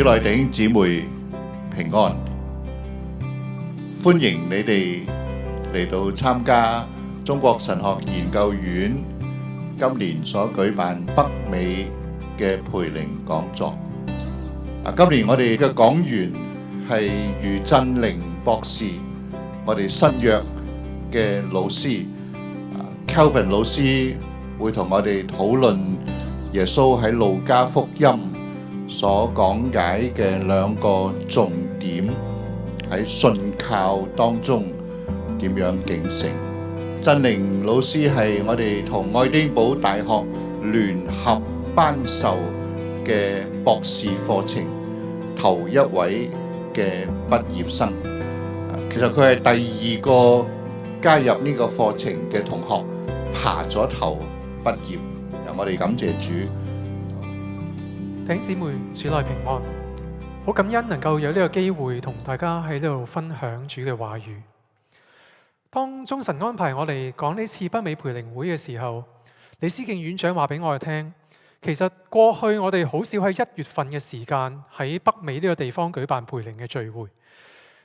寺內弟兄姊妹平安，歡迎你哋嚟到參加中國神學研究院今年所舉辦北美嘅培靈講座。啊，今年我哋嘅講員係余振陵博士，我哋新約嘅老師 Kevin 老師會同我哋討論耶穌喺路加福音。所講解嘅兩個重點喺信靠當中點樣警醒。振陵老師係我哋同愛丁堡大學聯合頒授嘅博士課程頭一位嘅畢業生。其實佢係第二個加入呢個課程嘅同學，爬咗頭畢業。由我哋感謝主。頂姐妹，主內平安，好感恩能夠有呢個機會同大家喺呢度分享主嘅話語。當中神安排我哋講呢次北美培靈會嘅時候，李思敬院長話俾我哋聽，其實過去我哋好少喺一月份嘅時間喺北美呢個地方舉辦培靈嘅聚會。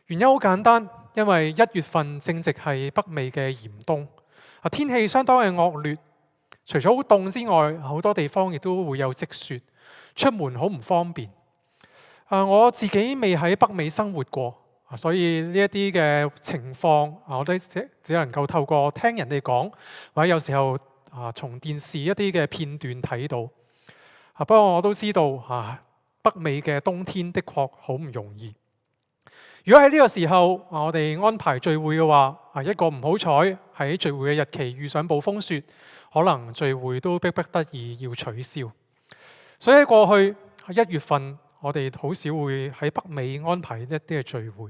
原因好簡單，因為一月份正值係北美嘅嚴冬，天氣相當嘅惡劣，除咗好凍之外，好多地方亦都會有積雪。出門好唔方便。啊，我自己未喺北美生活過，所以呢一啲嘅情況啊，我都只能夠透過聽人哋講，或者有時候啊，從電視一啲嘅片段睇到。啊，不過我都知道啊，北美嘅冬天的確好唔容易。如果喺呢個時候我哋安排聚會嘅話，啊，一個唔好彩喺聚會嘅日期遇上暴風雪，可能聚會都逼不得已要取消。所以喺過去一月份，我哋好少會喺北美安排一啲嘅聚會。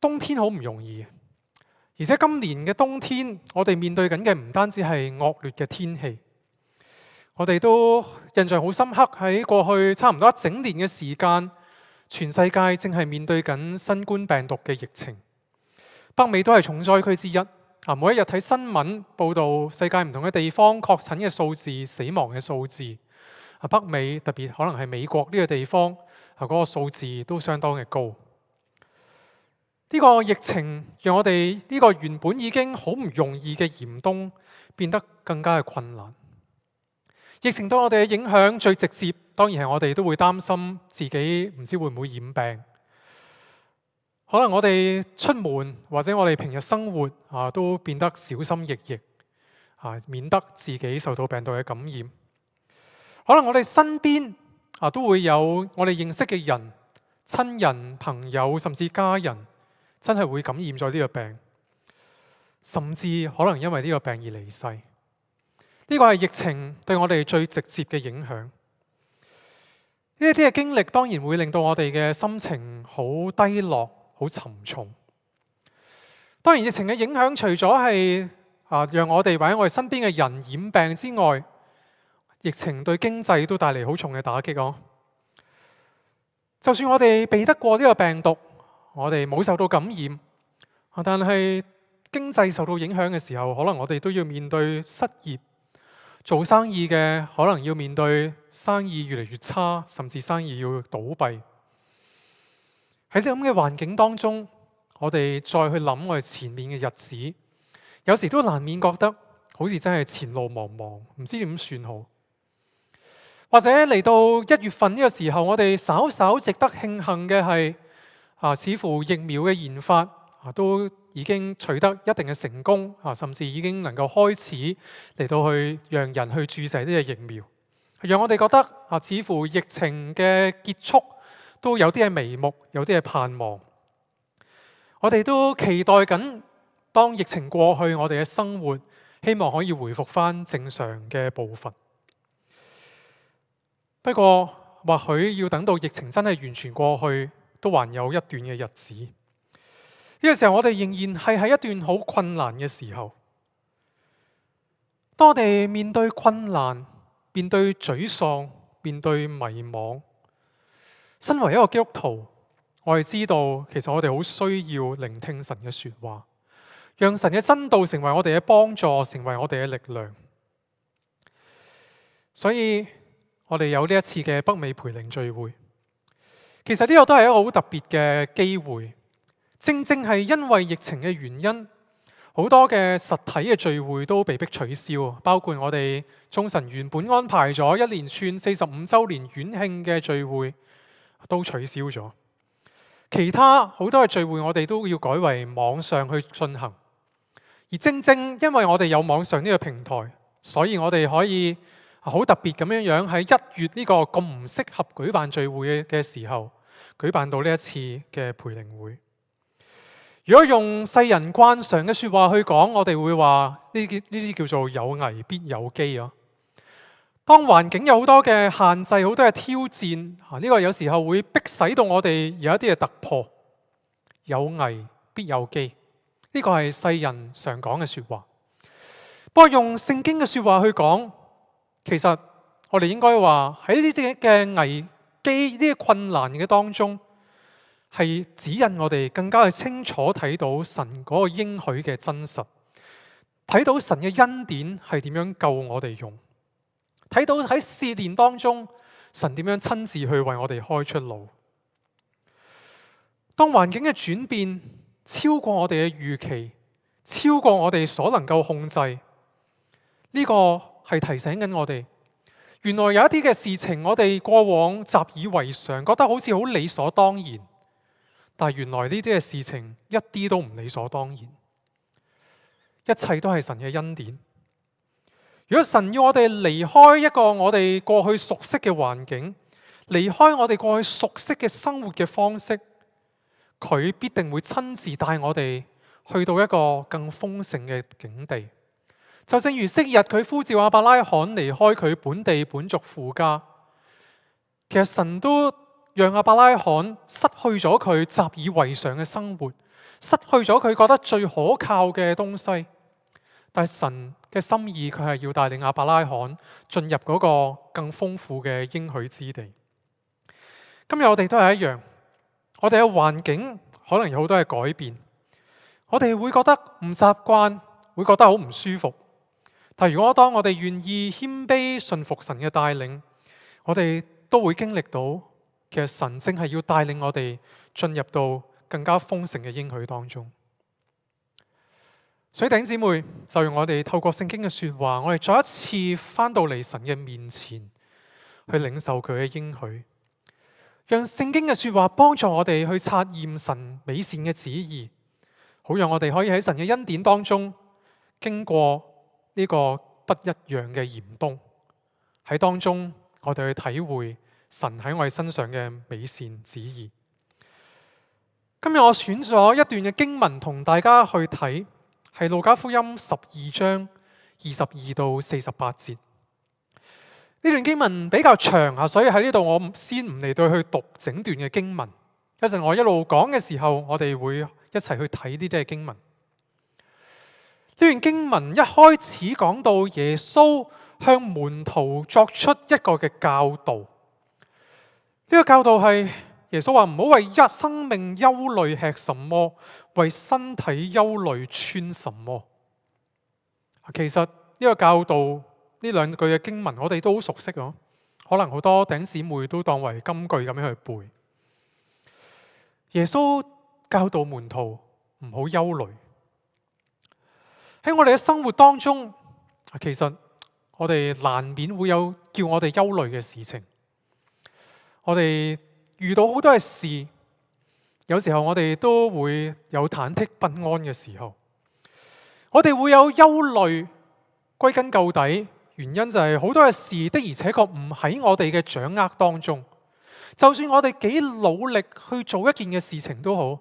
冬天好唔容易，而且今年嘅冬天，我哋面對緊嘅唔單止係惡劣嘅天氣，我哋都印象好深刻。喺過去差唔多一整年嘅時間，全世界正係面對緊新冠病毒嘅疫情。北美都係重災區之一啊！每一日睇新聞報導，世界唔同嘅地方確診嘅數字、死亡嘅數字。北美特別可能係美國呢個地方，啊、那、嗰個數字都相當嘅高。呢個疫情讓我哋呢個原本已經好唔容易嘅嚴冬變得更加嘅困難。疫情對我哋嘅影響最直接，當然係我哋都會擔心自己唔知會唔會染病。可能我哋出門或者我哋平日生活啊都變得小心翼翼，啊免得自己受到病毒嘅感染。可能我哋身邊啊都會有我哋認識嘅人、親人、朋友，甚至家人，真係會感染咗呢個病，甚至可能因為呢個病而離世。呢個係疫情對我哋最直接嘅影響。呢一啲嘅經歷當然會令到我哋嘅心情好低落、好沉重。當然，疫情嘅影響除咗係啊讓我哋或者我哋身邊嘅人染病之外。疫情對經濟都帶嚟好重嘅打擊哦、啊。就算我哋避得過呢個病毒，我哋冇受到感染，但係經濟受到影響嘅時候，可能我哋都要面對失業。做生意嘅可能要面對生意越嚟越差，甚至生意要倒閉。喺啲咁嘅環境當中，我哋再去諗我哋前面嘅日子，有時都難免覺得好似真係前路茫茫，唔知點算好。或者嚟到一月份呢個時候，我哋稍稍值得慶幸嘅係，啊，似乎疫苗嘅研發啊，都已經取得一定嘅成功啊，甚至已經能夠開始嚟到去讓人去注射呢個疫苗，讓我哋覺得啊，似乎疫情嘅結束都有啲係眉目，有啲係盼望。我哋都期待緊，當疫情過去，我哋嘅生活希望可以回復返正常嘅部分。不過或許要等到疫情真係完全過去，都還有一段嘅日子。呢、這個時候我哋仍然係喺一段好困難嘅時候，當我哋面對困難、面對沮喪、面對迷茫。身為一個基督徒，我哋知道其實我哋好需要聆聽神嘅說話，讓神嘅真道成為我哋嘅幫助，成為我哋嘅力量。所以。我哋有呢一次嘅北美培靈聚會，其實呢個都係一個好特別嘅機會。正正係因為疫情嘅原因，好多嘅實體嘅聚會都被逼取消，包括我哋中神原本安排咗一連串四十五周年院慶嘅聚會都取消咗。其他好多嘅聚會，我哋都要改為網上去進行。而正正因為我哋有網上呢個平台，所以我哋可以。好特別咁樣樣喺一月呢個咁唔適合舉辦聚會嘅時候，舉辦到呢一次嘅培靈會。如果用世人慣常嘅說話去講，我哋會話呢啲呢啲叫做有危必有機啊！當環境有好多嘅限制，好多嘅挑戰，呢個有時候會逼使到我哋有一啲嘅突破。有危必有機，呢個係世人常講嘅說話。不過用聖經嘅說話去講。其實我哋應該話，喺呢啲嘅危機、呢啲困難嘅當中，係指引我哋更加去清楚睇到神嗰個應許嘅真實，睇到神嘅恩典係點樣救我哋用，睇到喺試煉當中神點樣親自去為我哋開出路。當環境嘅轉變超過我哋嘅預期，超過我哋所能夠控制呢，這個。係提醒緊我哋，原來有一啲嘅事情，我哋過往習以為常，覺得好似好理所當然。但係原來呢啲嘅事情一啲都唔理所當然，一切都係神嘅恩典。如果神要我哋離開一個我哋過去熟悉嘅環境，離開我哋過去熟悉嘅生活嘅方式，佢必定會親自帶我哋去到一個更豐盛嘅境地。就正如昔日佢呼召阿伯拉罕離開佢本地本族父家，其實神都讓阿伯拉罕失去咗佢習以為常嘅生活，失去咗佢覺得最可靠嘅東西。但係神嘅心意，佢係要帶領阿伯拉罕進入嗰個更豐富嘅應許之地。今日我哋都係一樣，我哋嘅環境可能有好多嘅改變，我哋會覺得唔習慣，會覺得好唔舒服。但如果當我哋願意謙卑信服神嘅帶領，我哋都會經歷到，其實神正係要帶領我哋進入到更加豐盛嘅應許當中。水頂姊妹就用我哋透過聖經嘅說話，我哋再一次返到嚟神嘅面前，去領受佢嘅應許，讓聖經嘅說話幫助我哋去察驗神美善嘅旨意，好讓我哋可以喺神嘅恩典當中經過。呢個不一樣嘅嚴冬喺當中，我哋去體會神喺我哋身上嘅美善旨意。今日我選咗一段嘅經文同大家去睇，係路加福音十二章二十二到四十八節。呢段經文比較長啊，所以喺呢度我先唔嚟到去讀整段嘅經文。一陣我一路講嘅時候，我哋會一齊去睇呢啲嘅經文。呢段經文一開始講到耶穌向門徒作出一個嘅教導，呢個教導係耶穌話唔好為一生命憂慮，吃什麼為身體憂慮穿什麼。其實呢個教導呢兩句嘅經文，我哋都好熟悉咯，可能好多頂姊妹都當為金句咁樣去背。耶穌教導門徒唔好憂慮。喺我哋嘅生活當中，其實我哋難免會有叫我哋憂慮嘅事情。我哋遇到好多嘅事，有時候我哋都會有忐忑不安嘅時候。我哋會有憂慮，歸根究底，原因就係好多嘅事的而且確唔喺我哋嘅掌握當中。就算我哋幾努力去做一件嘅事情都好，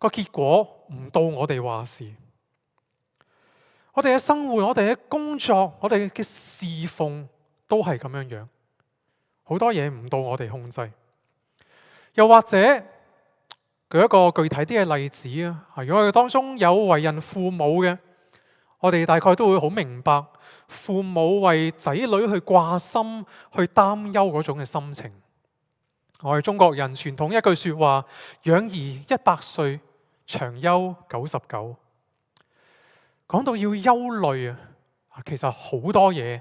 個結果唔到我哋話事。我哋嘅生活，我哋嘅工作，我哋嘅侍奉都係咁樣樣，好多嘢唔到我哋控制。又或者舉一個具體啲嘅例子啊，如果我哋當中有為人父母嘅，我哋大概都會好明白父母為仔女去掛心、去擔憂嗰種嘅心情。我哋中國人傳統一句說話：養兒一百歲，長憂九十九。講到要憂慮啊，其實好多嘢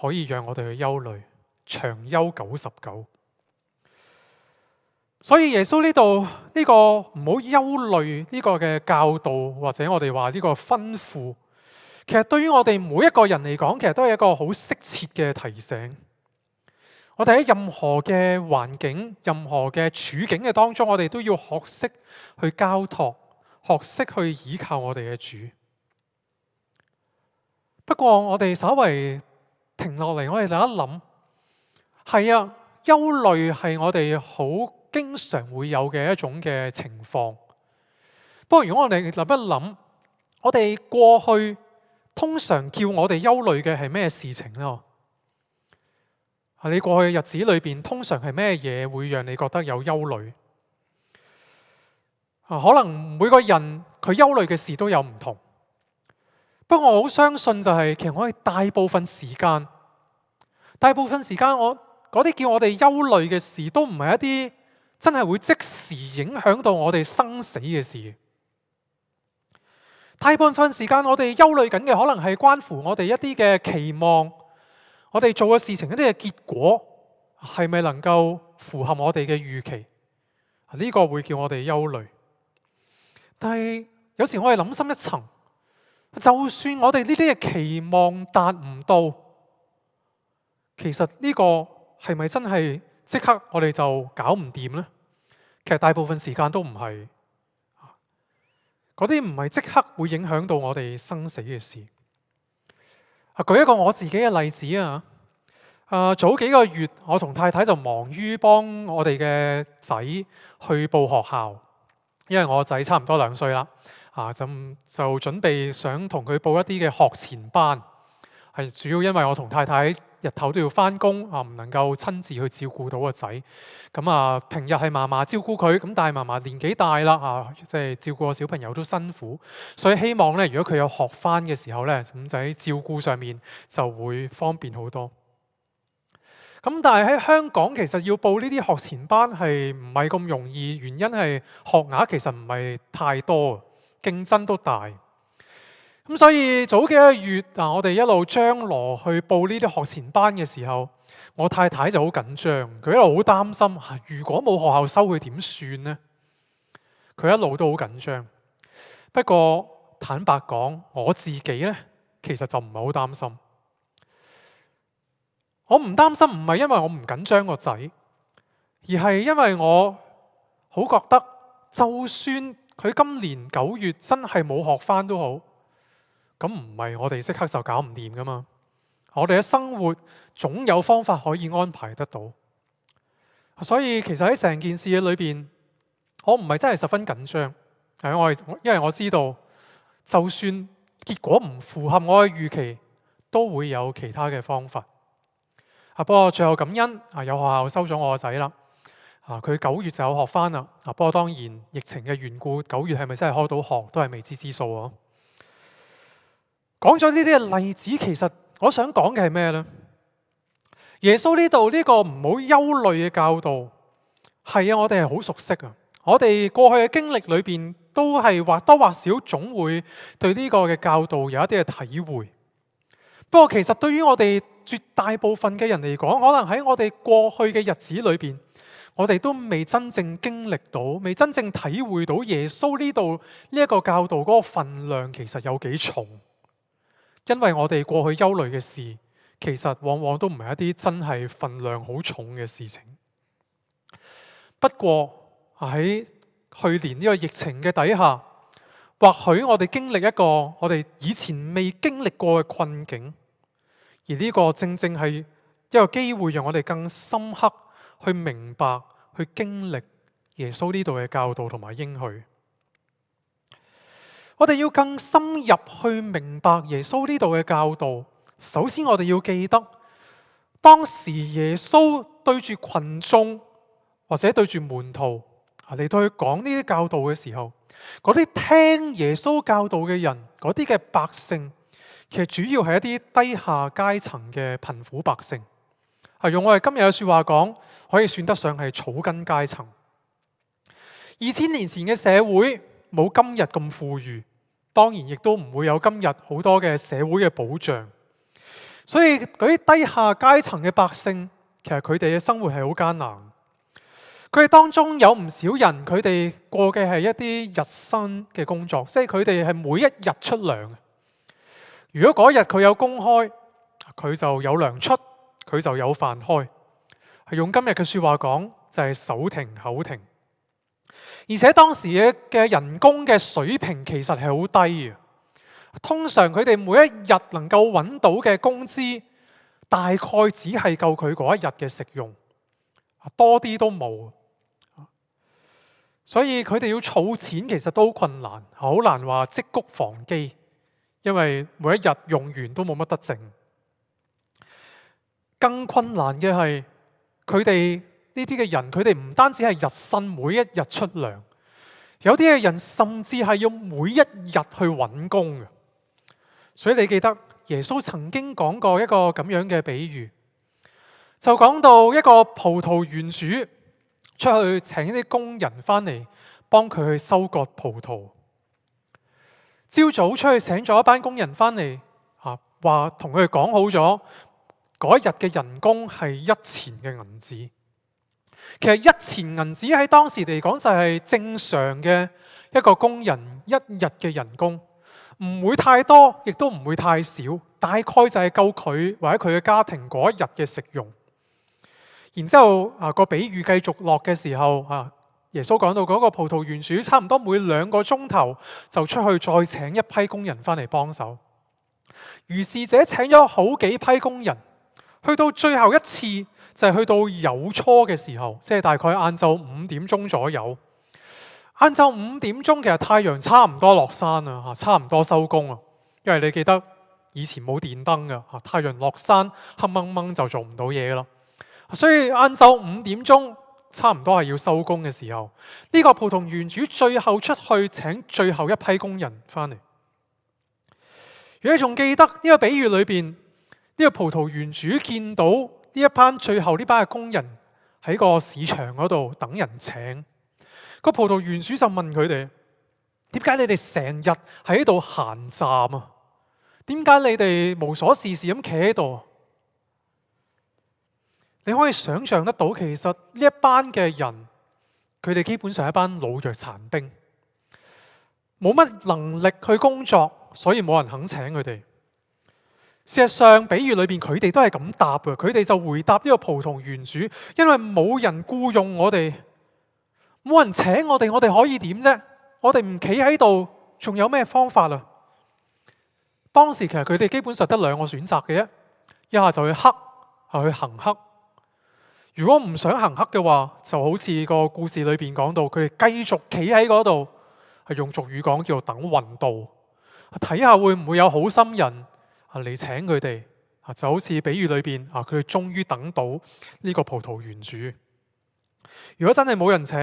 可以讓我哋去憂慮，長憂九十九。所以耶穌呢度呢個唔好憂慮呢個嘅教導，或者我哋話呢個吩咐，其實對於我哋每一個人嚟講，其實都係一個好適切嘅提醒。我哋喺任何嘅環境、任何嘅處境嘅當中，我哋都要學識去交託，學識去倚靠我哋嘅主。不過我哋稍微停落嚟，我哋諗一諗，係啊，憂慮係我哋好經常會有嘅一種嘅情況。不過如果我哋諗一諗，我哋過去通常叫我哋憂慮嘅係咩事情呢？啊，你過去嘅日子裏邊通常係咩嘢會讓你覺得有憂慮？可能每個人佢憂慮嘅事都有唔同。不過我好相信，就係其實我哋大部分時間，大部分時間我嗰啲叫我哋憂慮嘅事，都唔係一啲真係會即時影響到我哋生死嘅事。大部分時間我哋憂慮緊嘅，可能係關乎我哋一啲嘅期望，我哋做嘅事情一啲嘅結果係咪能夠符合我哋嘅預期？呢個會叫我哋憂慮。但係有時我哋諗深一層。就算我哋呢啲嘅期望達唔到，其實呢個係咪真係即刻我哋就搞唔掂呢？其實大部分時間都唔係，嗰啲唔係即刻會影響到我哋生死嘅事。舉一個我自己嘅例子啊，呃，早幾個月我同太太就忙於幫我哋嘅仔去報學校，因為我個仔差唔多兩歲啦。啊，就就準備想同佢報一啲嘅學前班，係主要因為我同太太日頭都要翻工啊，唔能夠親自去照顧到個仔。咁啊，平日係嫲嫲照顧佢，咁但係嫲嫲年紀大啦啊，即係照顧個小朋友都辛苦，所以希望呢，如果佢有學翻嘅時候呢，咁就喺照顧上面就會方便好多。咁但係喺香港其實要報呢啲學前班係唔係咁容易，原因係學額其實唔係太多。競爭都大，咁所以早幾個月啊，我哋一路張羅去報呢啲學前班嘅時候，我太太就好緊張，佢一路好擔心，如果冇學校收佢點算呢？佢一路都好緊張。不過坦白講，我自己呢，其實就唔係好擔心。我唔擔心唔係因為我唔緊張個仔，而係因為我好覺得就算。佢今年九月真係冇學翻都好，咁唔係我哋即刻就搞唔掂噶嘛？我哋嘅生活總有方法可以安排得到，所以其實喺成件事嘅裏面，我唔係真係十分緊張。因為我知道，就算結果唔符合我嘅預期，都會有其他嘅方法。啊，不過最後感恩啊，有學校收咗我個仔啦。啊！佢九月就有學翻啦。啊，不過當然疫情嘅緣故，九月係咪真係開到學都係未知之數。講咗呢啲嘅例子，其實我想講嘅係咩呢？耶穌呢度呢個唔好憂慮嘅教導，係啊，我哋係好熟悉啊！我哋過去嘅經歷裏邊，都係或多或少總會對呢個嘅教導有一啲嘅體會。不過其實對於我哋絕大部分嘅人嚟講，可能喺我哋過去嘅日子裏邊。我哋都未真正經歷到，未真正體會到耶穌呢度呢一個教導嗰個份量其實有幾重，因為我哋過去憂慮嘅事，其實往往都唔係一啲真係份量好重嘅事情。不過喺去年呢個疫情嘅底下，或許我哋經歷一個我哋以前未經歷過嘅困境，而呢個正正係一個機會，讓我哋更深刻。去明白、去經歷耶穌呢度嘅教導同埋應許。我哋要更深入去明白耶穌呢度嘅教導。首先，我哋要記得當時耶穌對住群眾或者對住門徒啊，嚟到去講呢啲教導嘅時候，嗰啲聽耶穌教導嘅人，嗰啲嘅百姓，其實主要係一啲低下階層嘅貧苦百姓。係用我哋今日嘅說話講，可以算得上係草根階層。二千年前嘅社會冇今日咁富裕，當然亦都唔會有今日好多嘅社會嘅保障。所以嗰啲低下階層嘅百姓，其實佢哋嘅生活係好艱難。佢哋當中有唔少人，佢哋過嘅係一啲日薪嘅工作，即係佢哋係每一日出糧。如果嗰日佢有工開，佢就有糧出。佢就有飯開，係用今日嘅説話講，就係手停口停，而且當時嘅人工嘅水平其實係好低嘅。通常佢哋每一日能夠揾到嘅工資，大概只係夠佢嗰一日嘅食用，多啲都冇。所以佢哋要儲錢其實都好困難，好難話積穀防饑，因為每一日用完都冇乜得剩。更困難嘅係佢哋呢啲嘅人，佢哋唔單止係日薪，每一日出糧，有啲嘅人甚至係要每一日去揾工嘅。所以你記得耶穌曾經講過一個咁樣嘅比喻，就講到一個葡萄園主出去請啲工人翻嚟幫佢去收割葡萄。朝早出去請咗一班工人翻嚟，啊，話同佢哋講好咗。嗰一日嘅人工係一錢嘅銀子，其實一錢銀子喺當時嚟講就係正常嘅一個工人一日嘅人工，唔會太多，亦都唔會太少，大概就係夠佢或者佢嘅家庭嗰一日嘅食用。然之後啊，個比喻繼續落嘅時候啊，耶穌講到嗰個葡萄園主差唔多每兩個鐘頭就出去再請一批工人翻嚟幫手，如是者請咗好幾批工人。去到最後一次，就係去到有初嘅時候，即係大概晏晝五點鐘左右。晏晝五點鐘，其實太陽差唔多落山啦，差唔多收工啊。因為你記得以前冇電燈嘅，太陽落山黑掹掹就做唔到嘢啦。所以晏晝五點鐘差唔多係要收工嘅時候，呢個葡萄園主最後出去請最後一批工人翻嚟。如果你仲記得呢個比喻裏面。呢個葡萄園主見到呢一班最後呢班嘅工人喺個市場嗰度等人請，個葡萄園主就問佢哋：點解你哋成日喺度閒站啊？點解你哋無所事事咁企喺度？你可以想象得到，其實呢一班嘅人，佢哋基本上係一班老弱殘兵，冇乜能力去工作，所以冇人肯請佢哋。事實上，比喻裏邊佢哋都係咁答嘅，佢哋就回答呢個葡萄園主，因為冇人雇用我哋，冇人請我哋，我哋可以點啫？我哋唔企喺度，仲有咩方法啊？當時其實佢哋基本上得兩個選擇嘅啫，一下就去黑，就去行黑。如果唔想行黑嘅話，就好似個故事裏邊講到，佢哋繼續企喺嗰度，係用俗語講叫等運到，睇下會唔會有好心人。啊！你請佢哋，啊就好似比喻裏邊啊，佢哋終於等到呢個葡萄園主。如果真係冇人請，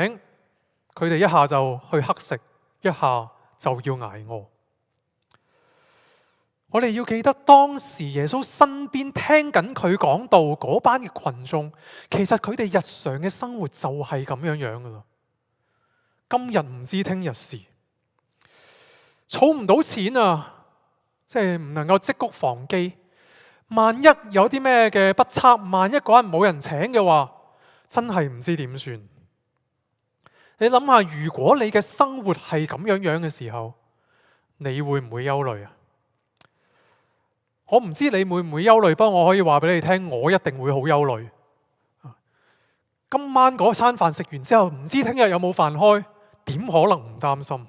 佢哋一下就去乞食，一下就要捱餓。我哋要記得當時耶穌身邊聽緊佢講道嗰班嘅群眾，其實佢哋日常嘅生活就係咁樣樣噶啦。今日唔知聽日事，儲唔到錢啊！即係唔能夠積穀防飢，萬一有啲咩嘅不測，萬一嗰日冇人請嘅話，真係唔知點算。你諗下，如果你嘅生活係咁樣樣嘅時候，你會唔會憂慮啊？我唔知你會唔會憂慮，不過我可以話俾你聽，我一定會好憂慮。今晚嗰餐飯食完之後，唔知聽日有冇飯開，點可能唔擔心？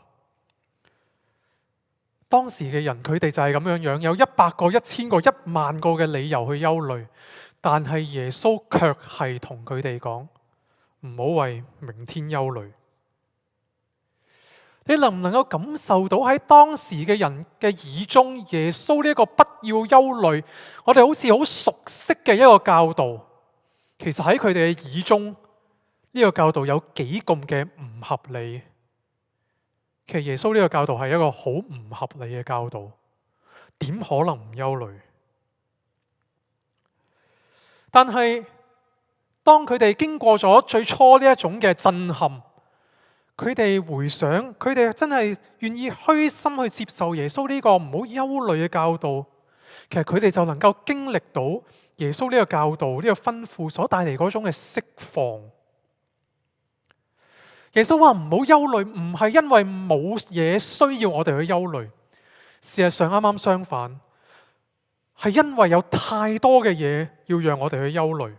當時嘅人，佢哋就係咁樣樣，有一百個、一千個、一萬個嘅理由去憂慮，但係耶穌卻係同佢哋講：唔好為明天憂慮。你能唔能夠感受到喺當時嘅人嘅耳中，耶穌呢一個不要憂慮，我哋好似好熟悉嘅一個教導。其實喺佢哋嘅耳中，呢個教導有幾咁嘅唔合理？其實耶穌呢個教導係一個好唔合理嘅教導，點可能唔憂慮？但係當佢哋經過咗最初呢一種嘅震撼，佢哋回想，佢哋真係願意虛心去接受耶穌呢個唔好憂慮嘅教導，其實佢哋就能夠經歷到耶穌呢個教導呢個吩咐所帶嚟嗰種嘅釋放。耶穌話唔好憂慮，唔係因為冇嘢需要我哋去憂慮，事實上啱啱相反，係因為有太多嘅嘢要讓我哋去憂慮，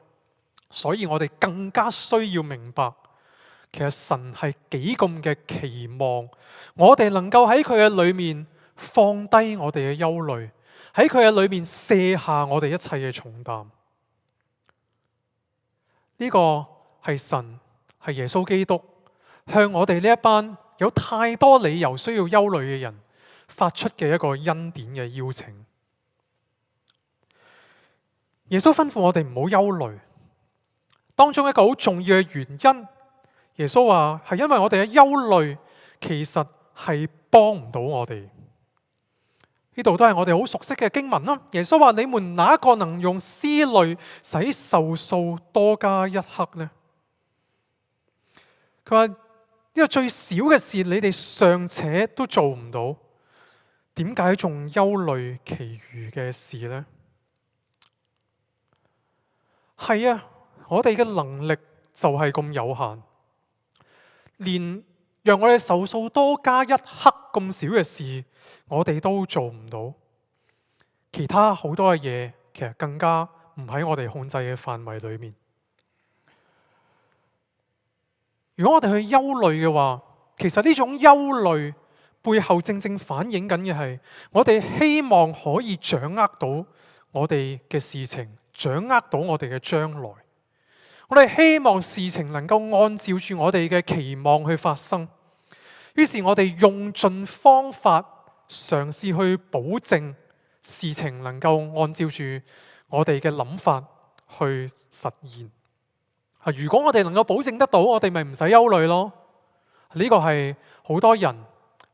所以我哋更加需要明白，其實神係幾咁嘅期望，我哋能夠喺佢嘅裏面放低我哋嘅憂慮，喺佢嘅裏面卸下我哋一切嘅重擔。呢個係神，係耶穌基督。向我哋呢一班有太多理由需要憂慮嘅人發出嘅一個恩典嘅邀請。耶穌吩咐我哋唔好憂慮，當中一個好重要嘅原因，耶穌話係因為我哋嘅憂慮其實係幫唔到我哋。呢度都係我哋好熟悉嘅經文囉。耶穌話：你們哪個能用思慮使壽數多加一刻呢？佢話。呢個最少嘅事，你哋尚且都做唔到，點解仲憂慮其餘嘅事呢？係啊，我哋嘅能力就係咁有限，連讓我哋壽數多加一刻咁少嘅事，我哋都做唔到。其他好多嘅嘢，其實更加唔喺我哋控制嘅範圍裏面。如果我哋去憂慮嘅話，其實呢種憂慮背後正正反映緊嘅係我哋希望可以掌握到我哋嘅事情，掌握到我哋嘅將來。我哋希望事情能夠按照住我哋嘅期望去發生，於是我哋用盡方法嘗試去保證事情能夠按照住我哋嘅諗法去實現。如果我哋能夠保證得到，我哋咪唔使憂慮咯。呢個係好多人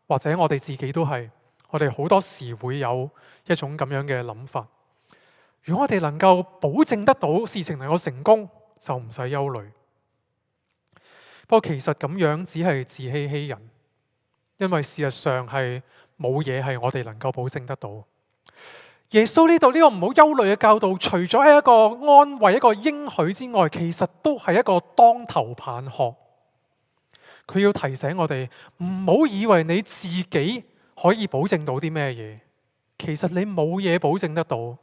或者我哋自己都係，我哋好多時會有一種咁樣嘅諗法。如果我哋能夠保證得到事情能夠成功，就唔使憂慮。不過其實咁樣只係自欺欺人，因為事實上係冇嘢係我哋能夠保證得到。耶穌呢度呢個唔好憂慮嘅教導，除咗係一個安慰、一個應許之外，其實都係一個當頭棒喝。佢要提醒我哋，唔好以為你自己可以保證到啲咩嘢，其實你冇嘢保證得到。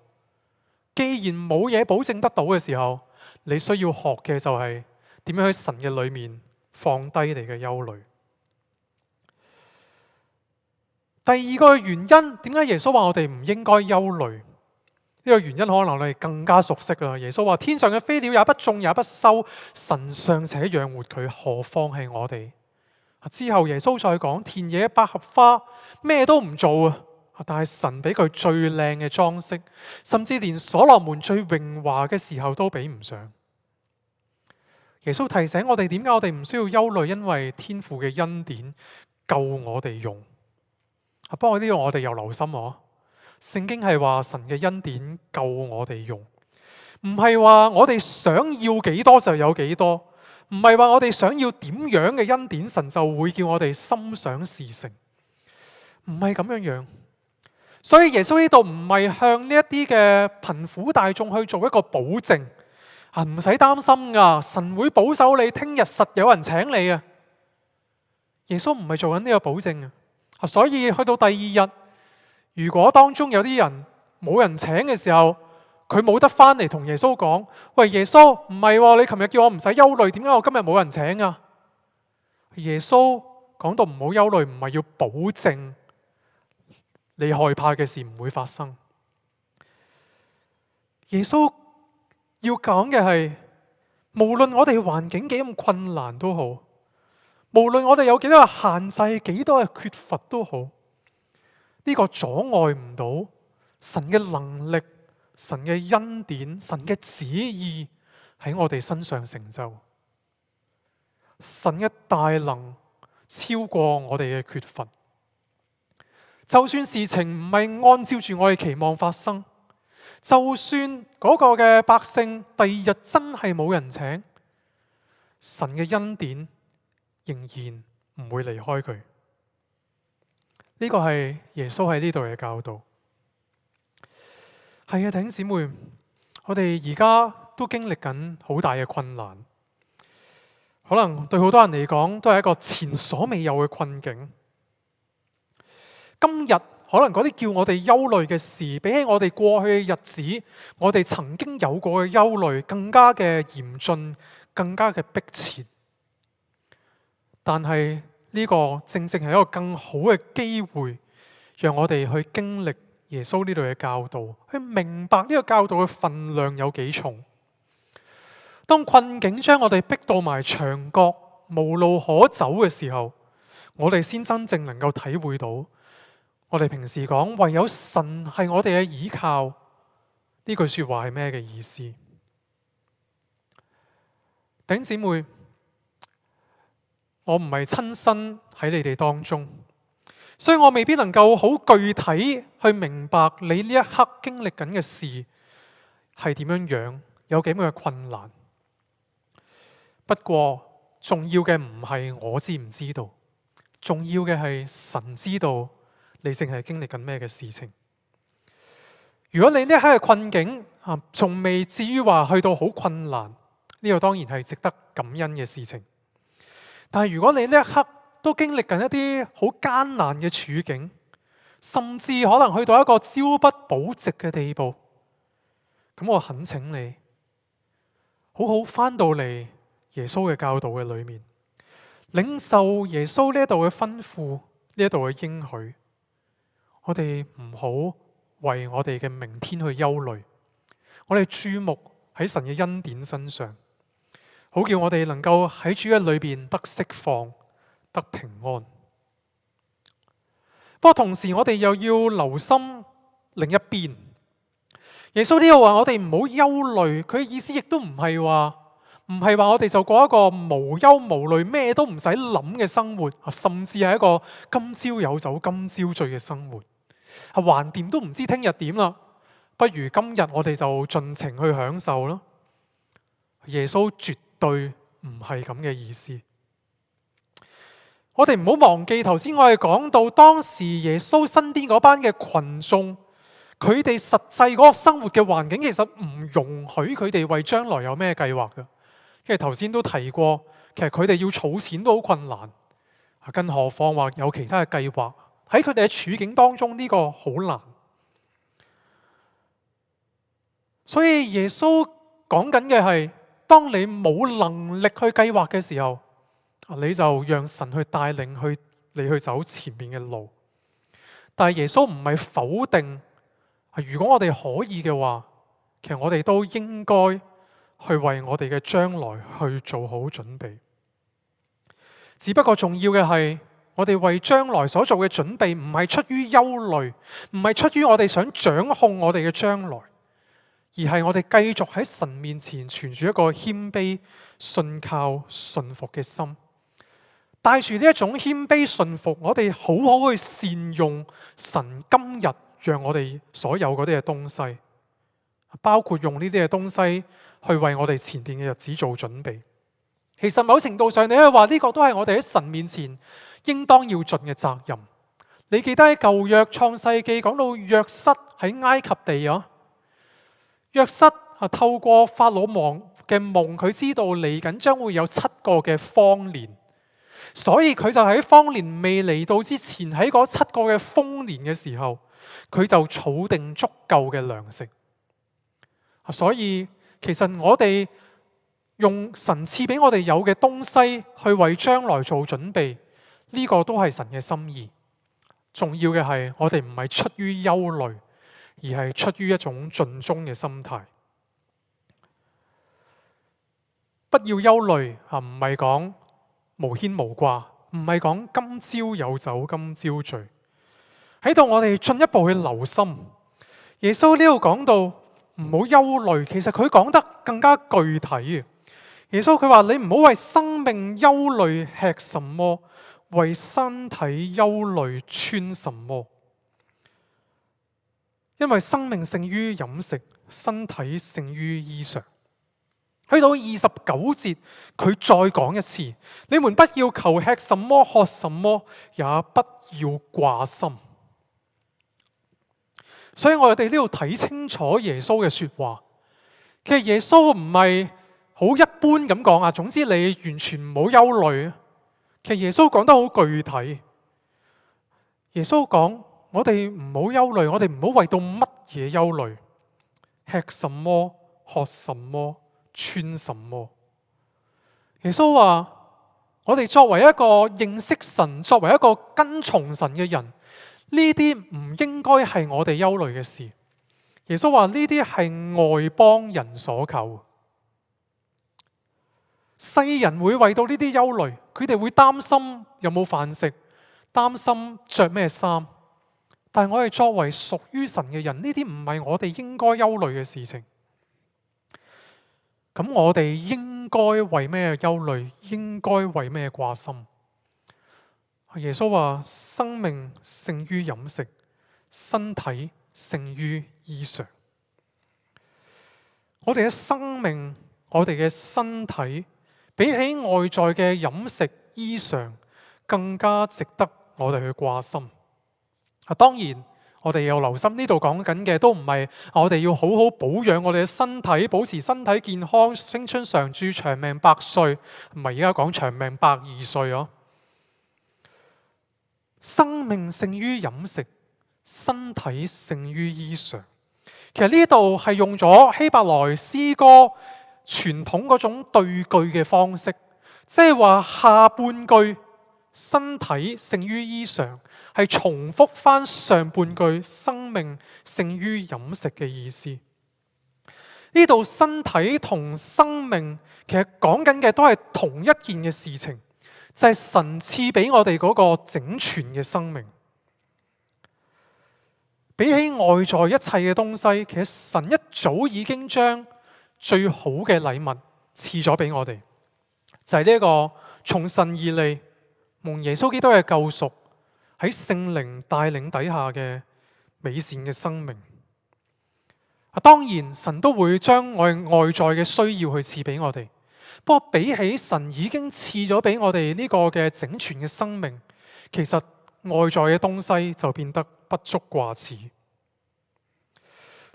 既然冇嘢保證得到嘅時候，你需要學嘅就係點樣喺神嘅裏面放低你嘅憂慮。第二個原因，點解耶穌話我哋唔應該憂慮？呢個原因可能你更加熟悉啊。耶穌話：天上嘅飛鳥也不種也不收，神尚且養活佢，何況係我哋？之後耶穌再講田野百合花，咩都唔做啊，但係神俾佢最靚嘅裝飾，甚至連所羅門最榮華嘅時候都比唔上。耶穌提醒我哋，點解我哋唔需要憂慮？因為天父嘅恩典夠我哋用。不過呢個我哋又留心喎，啊，聖經係話神嘅恩典夠我哋用，唔係話我哋想要幾多就有幾多，唔係話我哋想要點樣嘅恩典神就會叫我哋心想事成，唔係咁樣樣。所以耶穌呢度唔係向呢一啲嘅貧苦大眾去做一個保證，啊，唔使擔心噶，神會保守你，聽日實有人請你啊。耶穌唔係做緊呢個保證啊。所以去到第二日，如果當中有啲人冇人請嘅時候，佢冇得翻嚟同耶穌講：喂，耶穌，唔係喎，你琴日叫我唔使憂慮，點解我今日冇人請啊？耶穌講到唔好憂慮，唔係要保證你害怕嘅事唔會發生。耶穌要講嘅係，無論我哋環境幾咁困難都好。無論我哋有幾多限制，幾多嘅缺乏都好，呢、這個阻礙唔到神嘅能力、神嘅恩典、神嘅旨意喺我哋身上成就。神嘅大能超過我哋嘅缺乏，就算事情唔係按照住我哋期望發生，就算嗰個嘅百姓第二日真係冇人請，神嘅恩典，仍然唔會離開佢，呢個係耶穌喺呢度嘅教導。係啊，弟兄姊妹，我哋而家都在經歷緊好大嘅困難，可能對好多人嚟講都係一個前所未有嘅困境。今日可能嗰啲叫我哋憂慮嘅事，比起我哋過去嘅日子，我哋曾經有過嘅憂慮更加嘅嚴峻，更加嘅迫切。但係呢個正正係一個更好嘅機會，讓我哋去經歷耶穌呢度嘅教導，去明白呢個教導嘅分量有幾重。當困境將我哋逼到埋牆角，無路可走嘅時候，我哋先真正能夠體會到，我哋平時講唯有神係我哋嘅依靠呢句說話係咩嘅意思。頂姊妹。我唔係親身喺你哋當中，所以我未必能夠好具體去明白你呢一刻經歷緊嘅事係點樣樣，有幾咁嘅困難。不過重要嘅唔係我知唔知道，重要嘅係神知道你淨係經歷緊咩嘅事情。如果你呢一刻嘅困境啊，仲未至於話去到好困難，呢、這個當然係值得感恩嘅事情。但係如果你呢一刻都經歷緊一啲好艱難嘅處境，甚至可能去到一個朝不保夕嘅地步，咁我懇請你，好好翻到嚟耶穌嘅教導嘅裏面，領受耶穌呢一度嘅吩咐，呢一度嘅應許，我哋唔好為我哋嘅明天去憂慮，我哋注目喺神嘅恩典身上。好叫我哋能夠喺主嘅裏邊得釋放、得平安。不過同時，我哋又要留心另一邊。耶穌呢度話我哋唔好憂慮，佢意思亦都唔係話唔係話我哋就過一個無憂無慮、咩都唔使諗嘅生活，甚至係一個今朝有酒今朝醉嘅生活，係橫掂都唔知聽日點啦。不如今日我哋就盡情去享受咯。耶穌絕。對唔係咁嘅意思，我哋唔好忘記頭先我哋講到當時耶穌身邊嗰班嘅群眾，佢哋實際嗰個生活嘅環境其實唔容許佢哋為將來有咩計劃嘅。因為頭先都提過，其實佢哋要儲錢都好困難，更何況話有其他嘅計劃喺佢哋嘅處境當中呢個好難。所以耶穌講緊嘅係。當你冇能力去計劃嘅時候，你就讓神去帶領去你去走前面嘅路。但係耶穌唔係否定，如果我哋可以嘅話，其實我哋都應該去為我哋嘅將來去做好準備。只不過重要嘅係，我哋為將來所做嘅準備唔係出於憂慮，唔係出於我哋想掌控我哋嘅將來。而係我哋繼續喺神面前存住一個謙卑、信靠、順服嘅心，帶住呢一種謙卑順服，我哋好好去善用神今日讓我哋所有嗰啲嘅東西，包括用呢啲嘅東西去為我哋前邊嘅日子做準備。其實某程度上你可以說，你去話呢個都係我哋喺神面前應當要盡嘅責任。你記得喺舊約創世記講到約瑟喺埃及地啊？約瑟啊，透過法老王嘅夢，佢知道嚟緊將會有七個嘅荒年，所以佢就喺荒年未嚟到之前，喺嗰七個嘅豐年嘅時候，佢就儲定足夠嘅糧食。所以其實我哋用神賜俾我哋有嘅東西去為將來做準備，呢個都係神嘅心意。重要嘅係，我哋唔係出於憂慮。而係出於一種盡忠嘅心態，不要憂慮啊！唔係講無牽無掛，唔係講今朝有酒今朝醉，喺度我哋進一步去留心。耶穌呢度講到唔好憂慮，其實佢講得更加具體。耶穌佢話你唔好為生命憂慮，吃什麼？為身體憂慮穿什麼？因為生命勝於飲食，身體勝於衣裳。去到二十九節，佢再講一次：你們不要求吃什麼，喝什麼，也不要掛心。所以我哋都要睇清楚耶穌嘅說話。其實耶穌唔係好一般咁講啊，總之你完全唔好憂慮。其實耶穌講得好具體。耶穌講。我哋唔好憂慮，我哋唔好為到乜嘢憂慮。吃什麼、喝什麼、穿什麼？耶穌話：我哋作為一個認識神、作為一個跟從神嘅人，呢啲唔應該係我哋憂慮嘅事。耶穌話：呢啲係外邦人所求。世人會為到呢啲憂慮，佢哋會擔心有冇飯食，擔心着咩衫。但係我哋作為屬於神嘅人，呢啲唔係我哋應該憂慮嘅事情。咁我哋應該為咩憂慮？應該為咩掛心？耶穌話：生命勝於飲食，身體勝於衣裳。我哋嘅生命，我哋嘅身體，比起外在嘅飲食衣裳，更加值得我哋去掛心。啊，當然我哋又留心，呢度講緊嘅都唔係我哋要好好保養我哋嘅身體，保持身體健康，青春常駐，長命百歲，唔係而家講長命百二歲哦。生命勝於飲食，身體勝於衣裳。其實呢度係用咗希伯來詩歌傳統嗰種對句嘅方式，即係話下半句。身體勝於衣裳，係重複翻上半句生命勝於飲食嘅意思。呢度身體同生命其實講緊嘅都係同一件嘅事情，就係神賜俾我哋嗰個整全嘅生命。比起外在一切嘅東西，其實神一早已經將最好嘅禮物賜咗俾我哋，就係呢個從神而嚟，蒙耶穌基督嘅救贖，喺聖靈帶領底下嘅美善嘅生命。當然，神都會將外外在嘅需要去賜俾我哋。不過比起神已經賜咗俾我哋呢個嘅整全嘅生命，其實外在嘅東西就變得不足掛齒。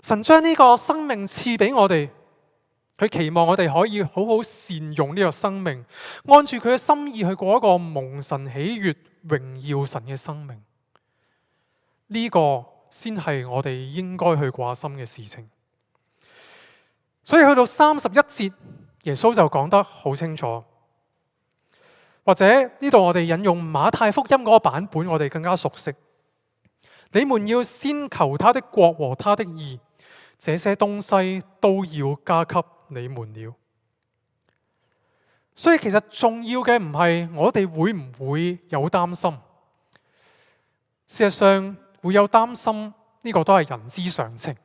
神將呢個生命賜俾我哋。佢期望我哋可以好好善用呢個生命，按住佢嘅心意去過一個蒙神喜悅、榮耀神嘅生命。呢個先係我哋應該去掛心嘅事情。所以去到三十一節，耶穌就講得好清楚。或者呢度我哋引用馬太福音嗰個版本，我哋更加熟悉。你們要先求他的國和他的義，這些東西都要加給你們了。所以其實重要嘅唔係我哋會唔會有擔心，事實上會有擔心，呢個都係人之常情。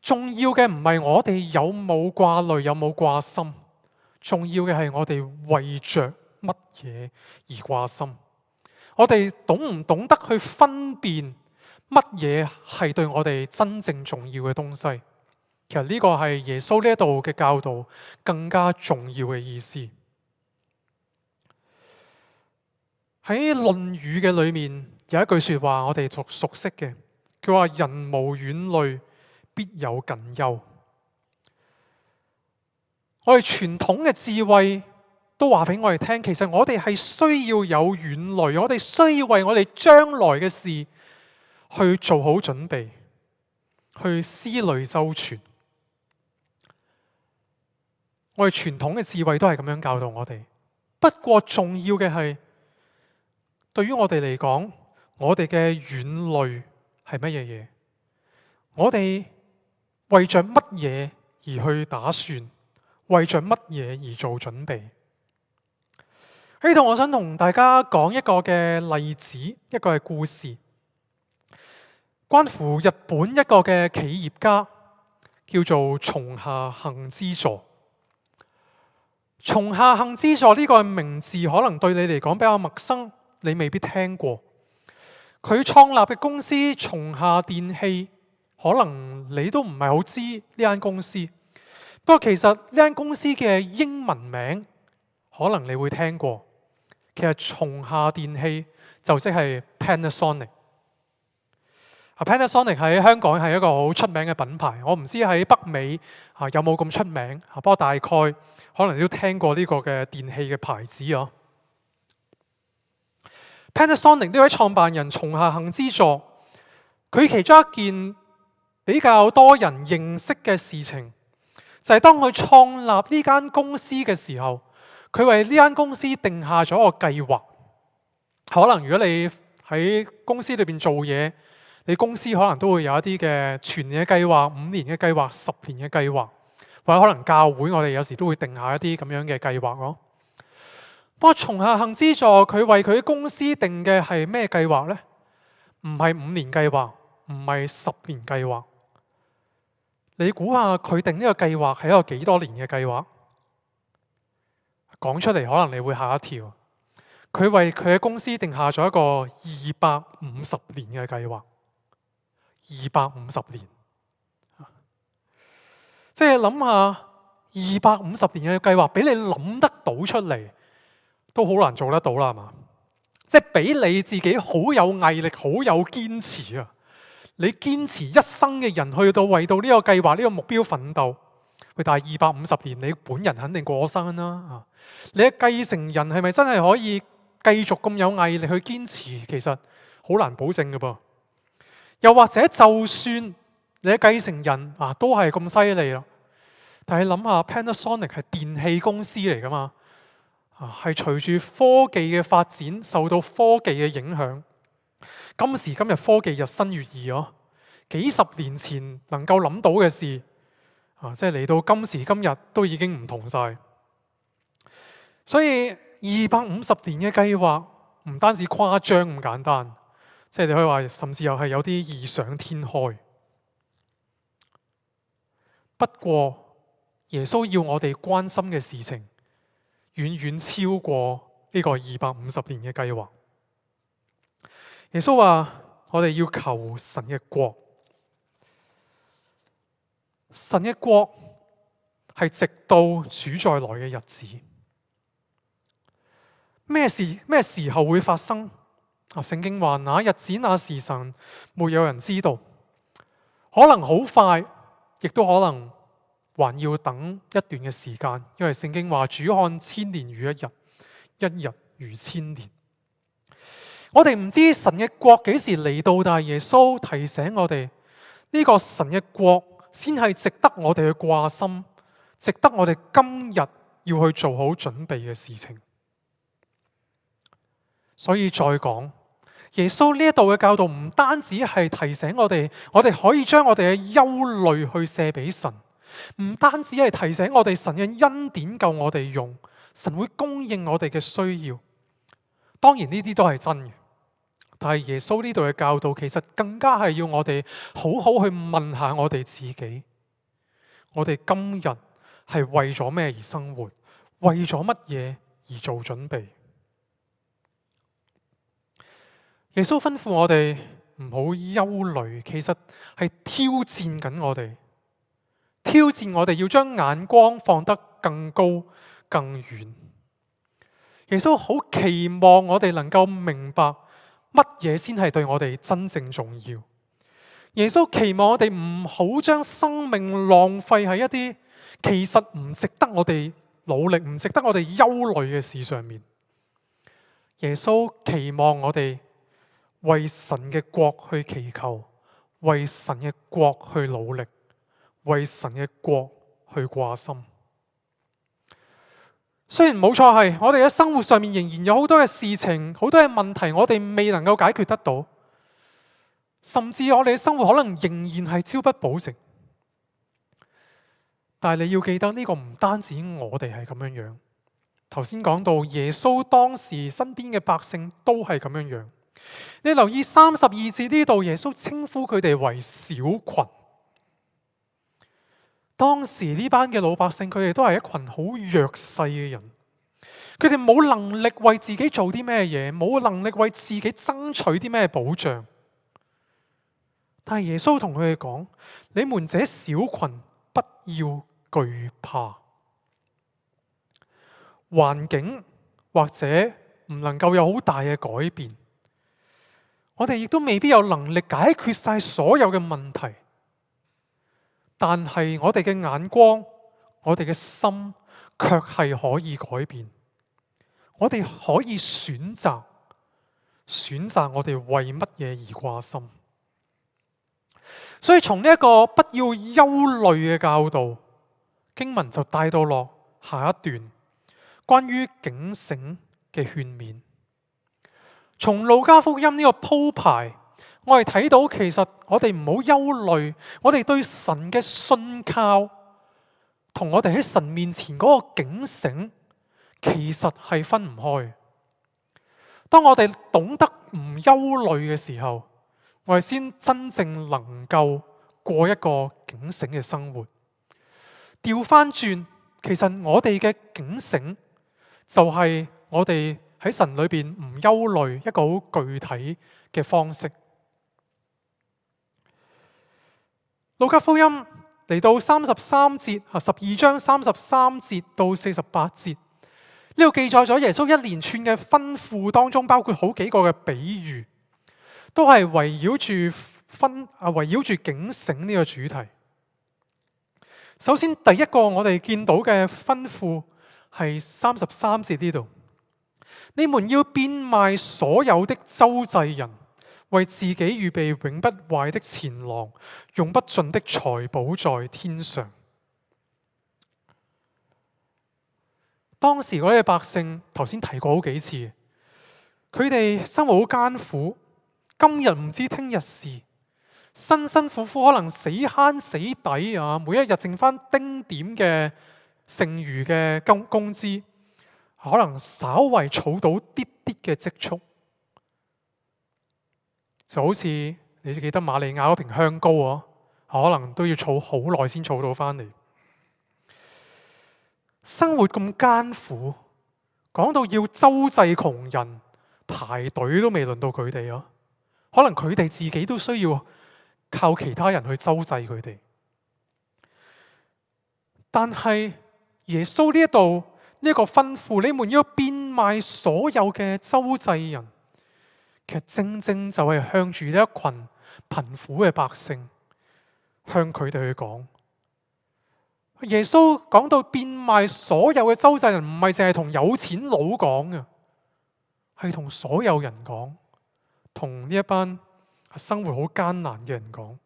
重要嘅唔係我哋有冇掛慮，有冇掛心，重要嘅係我哋為着乜嘢而掛心。我哋懂唔懂得去分辨乜嘢係對我哋真正重要嘅東西？其實呢個係耶穌呢一度嘅教導更加重要嘅意思。喺論語嘅裏面有一句說話，我哋熟熟悉嘅，佢話人無遠慮，必有近憂。我哋傳統嘅智慧都話俾我哋聽，其實我哋係需要有遠慮，我哋需要為我哋將來嘅事去做好準備，去思慮周全。我哋傳統嘅智慧都係咁樣教導我哋。不過重要嘅係，對於我哋嚟講，我哋嘅遠慮係乜嘢嘢？我哋為着乜嘢而去打算？為着乜嘢而做準備？喺度我想同大家講一個嘅例子，一個係故事，關乎日本一個嘅企業家，叫做松下幸之助。松下幸之助呢個名字可能對你嚟講比較陌生，你未必聽過。佢創立嘅公司松下電器，可能你都唔係好知呢間公司。不過其實呢間公司嘅英文名可能你會聽過。其實松下電器就即係 Panasonic。Panasonic 喺香港係一個好出名嘅品牌，我唔知喺北美啊有冇咁出名，不過大概可能都聽過呢個嘅電器嘅牌子啊。Panasonic 呢位創辦人松下幸之助，佢其中一件比較多人認識嘅事情，就係當佢創立呢間公司嘅時候，佢為呢間公司定下咗個計劃。可能如果你喺公司裏邊做嘢。你公司可能都會有一啲嘅全年嘅計劃、五年嘅計劃、十年嘅計劃，或者可能教會我哋有時都會定下一啲咁樣嘅計劃咯。不過，松下幸之助佢為佢公司定嘅係咩計劃呢？唔係五年計劃，唔係十年計劃。你估下佢定呢個計劃係一個幾多年嘅計劃？講出嚟可能你會嚇一跳。佢為佢嘅公司定下咗一個二百五十年嘅計劃。二百五十年，即係諗下，二百五十年嘅計劃，俾你諗得到出嚟，都好難做得到啦，係嘛？即係俾你自己好有毅力、好有堅持啊！你堅持一生嘅人，去到為到呢個計劃、呢個目標奮鬥，佢但係二百五十年，你本人肯定過身啦。你嘅繼承人係咪真係可以繼續咁有毅力去堅持？其實好難保證嘅噃。又或者就算你繼承人啊，都係咁犀利，但係諗下 Panasonic 係電器公司嚟噶嘛？啊，係隨住科技嘅發展，受到科技嘅影響。今時今日科技日新月異哦、啊。幾十年前能夠諗到嘅事啊，即係嚟到今時今日都已經唔同晒。所以二百五十年嘅計劃唔單止誇張咁簡單。即係你可以話，甚至又係有啲異想天開。不過耶穌要我哋關心嘅事情，遠遠超過呢個二百五十年嘅計劃。耶穌話：我哋要求神嘅國，神嘅國係直到主再來嘅日子。咩事咩時候會發生？啊！聖經話：那日子，那時辰，沒有人知道。可能好快，亦都可能還要等一段嘅時間。因為聖經話：主看千年如一日，一日如千年。我哋唔知神嘅國幾時嚟到，但耶穌提醒我哋：呢個神嘅國先係值得我哋去掛心，值得我哋今日要去做好準備嘅事情。所以再講。耶穌呢一度嘅教導唔單止係提醒我哋，我哋可以將我哋嘅憂慮去卸俾神，唔單止係提醒我哋神嘅恩典夠我哋用，神會供應我哋嘅需要。當然呢啲都係真嘅，但係耶穌呢度嘅教導其實更加係要我哋好好去問下我哋自己：我哋今日係為咗咩而生活？為咗乜嘢而做準備？耶穌吩咐我哋唔好憂慮，其實係挑戰緊我哋，挑戰我哋要將眼光放得更高更遠。耶穌好期望我哋能夠明白乜嘢先係對我哋真正重要。耶穌期望我哋唔好將生命浪費喺一啲其實唔值得我哋努力、唔值得我哋憂慮嘅事上面。耶穌期望我哋，為神嘅國去祈求，為神嘅國去努力，為神嘅國去掛心。雖然冇錯係，我哋喺生活上面仍然有好多嘅事情，好多嘅問題，我哋未能夠解決得到，甚至我哋嘅生活可能仍然係朝不保夕。但係你要記得呢個唔單止我哋係咁樣樣，頭先講到耶穌當時身邊嘅百姓都係咁樣樣。你留意三十二節呢度，耶穌稱呼佢哋為小群。當時呢班嘅老百姓，佢哋都係一群好弱勢嘅人，佢哋冇能力為自己做啲咩嘢，冇能力為自己爭取啲咩保障。但係耶穌同佢哋講：你們這小群不要懼怕。環境或者唔能夠有好大嘅改變。我哋亦都未必有能力解決晒所有嘅問題，但係我哋嘅眼光、我哋嘅心，卻係可以改變。我哋可以選擇選擇我哋為乜嘢而掛心。所以從呢一個不要憂慮嘅教導，經文就帶到落下一段關於警醒嘅勸勉。從路加福音呢個鋪排，我哋睇到其實我哋唔好憂慮，我哋對神嘅信靠同我哋喺神面前嗰個警醒，其實係分唔開。當我哋懂得唔憂慮嘅時候，我哋先真正能夠過一個警醒嘅生活。調翻轉，其實我哋嘅警醒就係我哋。喺神裏邊唔憂慮，一個好具體嘅方式。路加福音嚟到，三十三節和十二章三十三節到四十八節，呢度記載咗耶穌一連串嘅吩咐當中，包括好幾個嘅比喻，都係圍繞住分啊圍繞住警醒呢個主題。首先第一個我哋見到嘅吩咐係三十三節呢度。你們要變賣所有的賙濟人，為自己預備永不壞的錢囊，用不盡的財寶在天上。當時嗰啲百姓，頭先提過好幾次，佢哋生活好艱苦，今日唔知聽日事，辛辛苦苦可能死慳死抵啊，每一日剩翻丁點嘅剩餘嘅工工資。可能稍微儲到啲啲嘅積蓄，就好似你記得瑪利亞嗰瓶香膏哦、啊，可能都要儲好耐先儲到翻嚟。生活咁艱苦，講到要周濟窮人，排隊都未輪到佢哋啊。可能佢哋自己都需要靠其他人去周濟佢哋。但係耶穌呢一度，呢個吩咐，你們要變賣所有嘅周濟人，其實正正就係向住呢一群貧苦嘅百姓，向佢哋去講。耶穌講到變賣所有嘅周濟人，唔係淨係同有錢佬講嘅，係同所有人講，同呢一班生活好艱難嘅人講。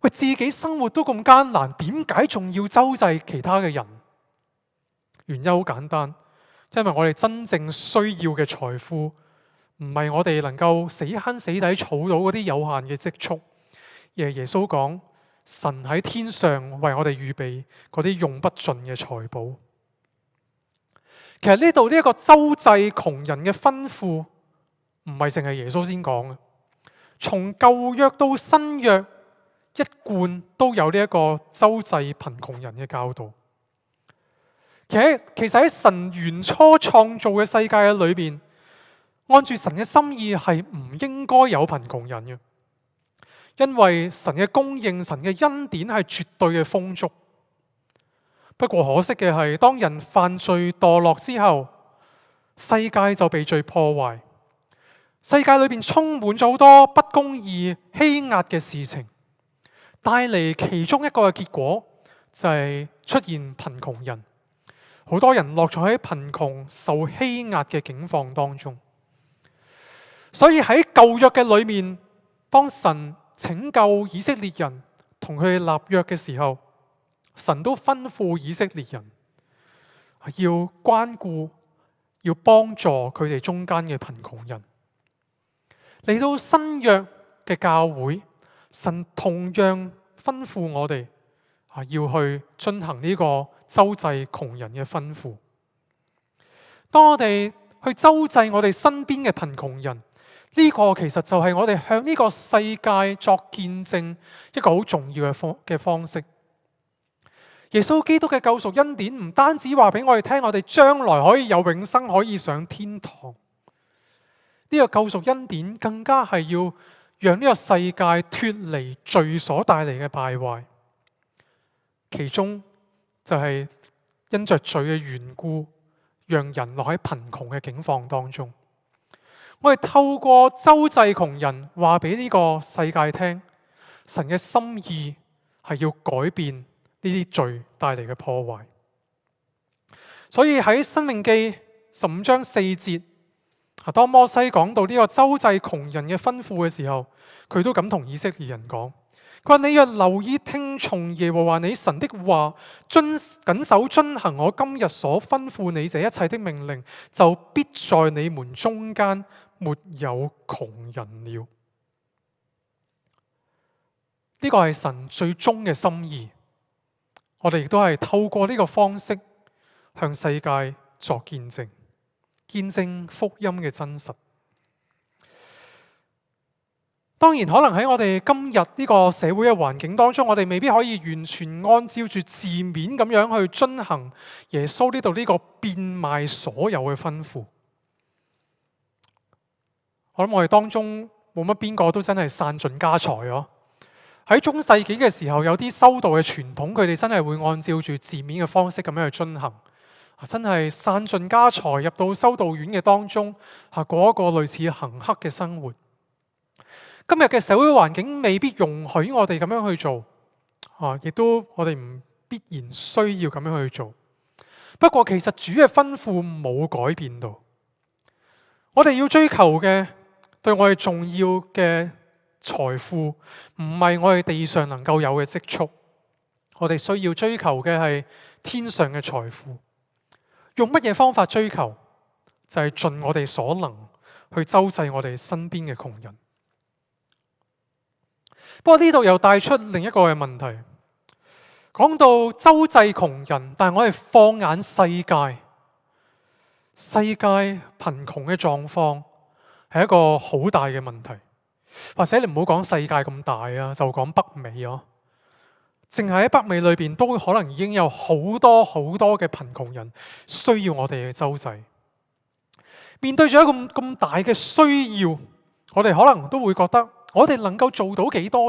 喂，自己生活都咁艱難，點解仲要周濟其他嘅人？原因好簡單，因為我哋真正需要嘅財富，唔係我哋能夠死慳死抵儲到嗰啲有限嘅積蓄，而係耶穌講神喺天上為我哋預備嗰啲用不盡嘅財寶。其實呢度呢一個周濟窮人嘅吩咐，唔係淨係耶穌先講嘅，從舊約到新約，一貫都有呢一個周濟貧窮人嘅教導。其實喺神原初創造嘅世界裏面，按住神嘅心意係唔應該有貧窮人嘅，因為神嘅供應、神嘅恩典係絕對嘅豐足。不過可惜嘅係，當人犯罪墮落之後，世界就被罪破壞，世界裏面充滿咗好多不公義、欺壓嘅事情，帶嚟其中一個嘅結果就係、是、出現貧窮人。好多人落咗喺貧窮受欺壓嘅境況當中，所以喺舊約嘅裏面，當神拯救以色列人同佢哋立約嘅時候，神都吩咐以色列人要關顧、要幫助佢哋中間嘅貧窮人。嚟到新約嘅教會，神同樣吩咐我哋啊要去進行呢個。周濟窮人嘅吩咐，當我哋去周濟我哋身邊嘅貧窮人，呢個其實就係我哋向呢個世界作見證一個好重要嘅方嘅方式。耶穌基督嘅救贖恩典唔單止話俾我哋聽，我哋將來可以有永生，可以上天堂。呢個救贖恩典更加係要讓呢個世界脫離罪所帶嚟嘅敗壞，其中。就係因着罪嘅緣故，讓人落喺貧窮嘅境況當中。我哋透過周濟窮人，話俾呢個世界聽，神嘅心意係要改變呢啲罪帶嚟嘅破壞。所以喺申命記十五章四節，當摩西講到呢個周濟窮人嘅吩咐嘅時候，佢都咁同以色列人講。佢話，你若留意聽從耶和華你神的話，遵，謹守遵行我今日所吩咐你這一切的命令，就必在你們中間沒有窮人了。呢、這個係神最終嘅心意，我哋亦都係透過呢個方式向世界作見證，見證福音嘅真實。當然，可能喺我哋今日呢個社會嘅環境當中，我哋未必可以完全按照住字面咁樣去遵行耶穌呢度呢個變賣所有嘅吩咐。我諗我哋當中冇乜邊個都真係散盡家財咯。喺中世紀嘅時候，有啲修道嘅傳統，佢哋真係會按照住字面嘅方式咁樣去遵行，真係散盡家財入到修道院嘅當中，係過一個類似行乞嘅生活。今日嘅社會環境未必容許我哋咁樣去做，啊！亦都我哋唔必然需要咁樣去做。不過其實主嘅吩咐冇改變到，我哋要追求嘅對我哋重要嘅財富，唔係我哋地上能夠有嘅積蓄。我哋需要追求嘅係天上嘅財富。用乜嘢方法追求？就係盡我哋所能去周濟我哋身邊嘅窮人。不過呢度又帶出另一個嘅問題，講到周濟窮人，但係我哋放眼世界，世界貧窮嘅狀況係一個好大嘅問題。或者你唔好講世界咁大啊，就講北美啊，淨係喺北美裏邊都可能已經有好多好多嘅貧窮人需要我哋嘅周濟。面對住一個咁大嘅需要，我哋可能都會覺得。我哋能夠做到幾多？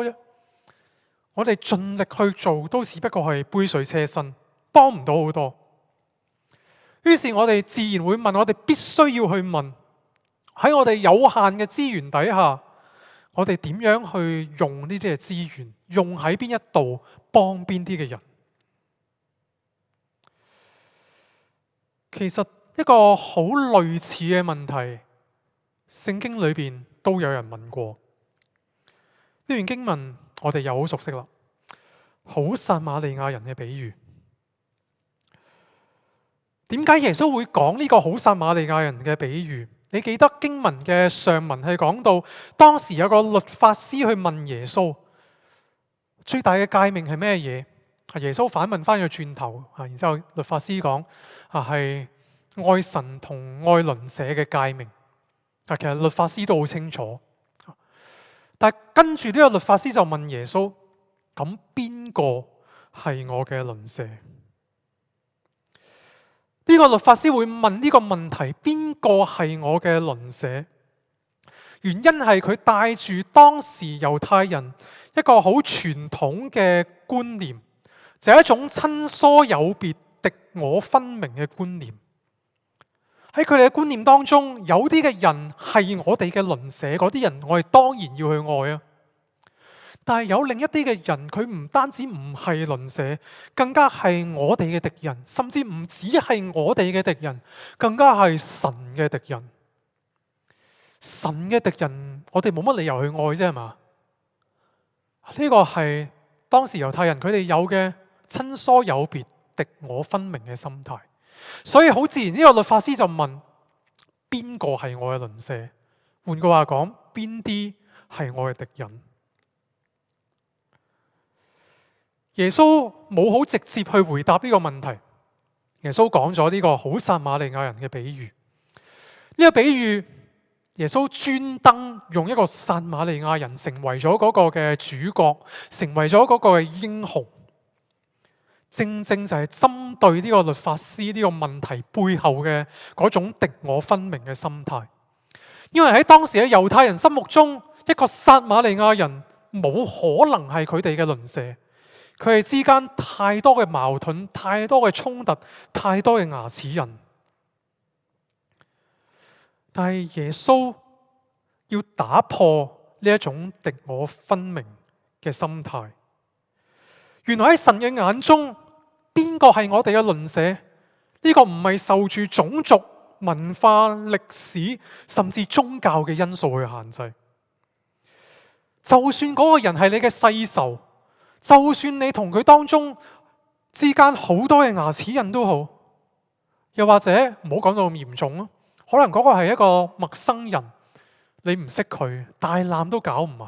我哋盡力去做都只不過係杯水車薪，幫唔到好多。於是我哋自然會問，我哋必須要去問，喺我哋有限嘅資源底下，我哋點樣去用呢啲嘅資源？用喺邊一度幫邊啲嘅人？其實一個好類似嘅問題，聖經裏邊都有人問過。呢段經文我哋又好熟悉啦，好撒瑪利亞人嘅比喻。點解耶穌會講呢個好撒瑪利亞人嘅比喻？你記得經文嘅上文係講到，當時有個律法師去問耶穌，最大嘅誡命係咩嘢？啊，耶穌反問翻佢轉頭啊，然之後律法師講啊係愛神同愛鄰舍嘅誡命。但係其實律法師都好清楚。但跟住呢個律法師就問耶穌：咁邊個係我嘅鄰舍？呢、呢個律法師會問呢個問題，邊個係我嘅鄰舍？原因係佢帶住當時猶太人一個好傳統嘅觀念，就係、一種親疏有別、敵我分明嘅觀念。喺佢哋嘅觀念當中，有啲嘅人係我哋嘅鄰舍，嗰啲人我哋當然要去愛啊。但係有另一啲嘅人，佢唔單止唔係鄰舍，更加係我哋嘅敵人，甚至唔只係我哋嘅敵人，更加係神嘅敵人。神嘅敵人，我哋冇乜理由去愛啫，係嘛？呢個係當時猶太人佢哋有嘅親疏有別、敵我分明嘅心態。所以好自然，呢個律法師就問，邊個係我嘅鄰舍？換句話講，邊啲係我嘅敵人？耶穌冇好直接去回答呢個問題。耶穌講咗呢個好撒瑪利亞人嘅比喻。呢個比喻，耶穌專登用一個撒瑪利亞人成為咗嗰個嘅主角，成為咗嗰個嘅英雄，正正就係針對呢個律法師呢個問題背後嘅嗰種敵我分明嘅心態，因為喺當時嘅猶太人心目中，一個撒瑪利亞人冇可能係佢哋嘅鄰舍，佢哋之間太多嘅矛盾、太多嘅衝突、太多嘅牙齒印。但係耶穌要打破呢一種敵我分明嘅心態，原來喺神嘅眼中。邊個係我哋嘅鄰舍？呢個唔係受住種族、文化、歷史甚至宗教嘅因素，去限制。就算嗰個人係你嘅世仇，就算你同佢當中之間好多嘅牙齒印都好，又或者唔好講到咁嚴重咯，可能嗰個係一個陌生人，你唔識佢，大難都搞唔埋。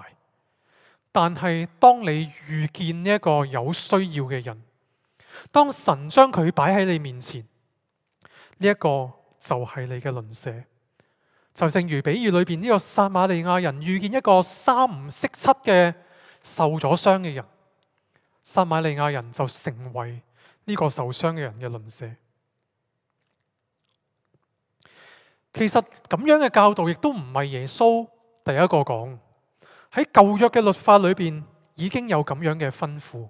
但係當你遇見呢一個有需要嘅人，當神將佢擺喺你面前，呢一個就係你嘅鄰舍，就正如比喻裏邊呢個撒瑪利亞人遇見一個三唔識七嘅受咗傷嘅人，撒瑪利亞人就成為呢個受傷嘅人嘅鄰舍。其實咁樣嘅教導亦都唔係耶穌第一個講，喺舊約嘅律法裏邊已經有咁樣嘅吩咐。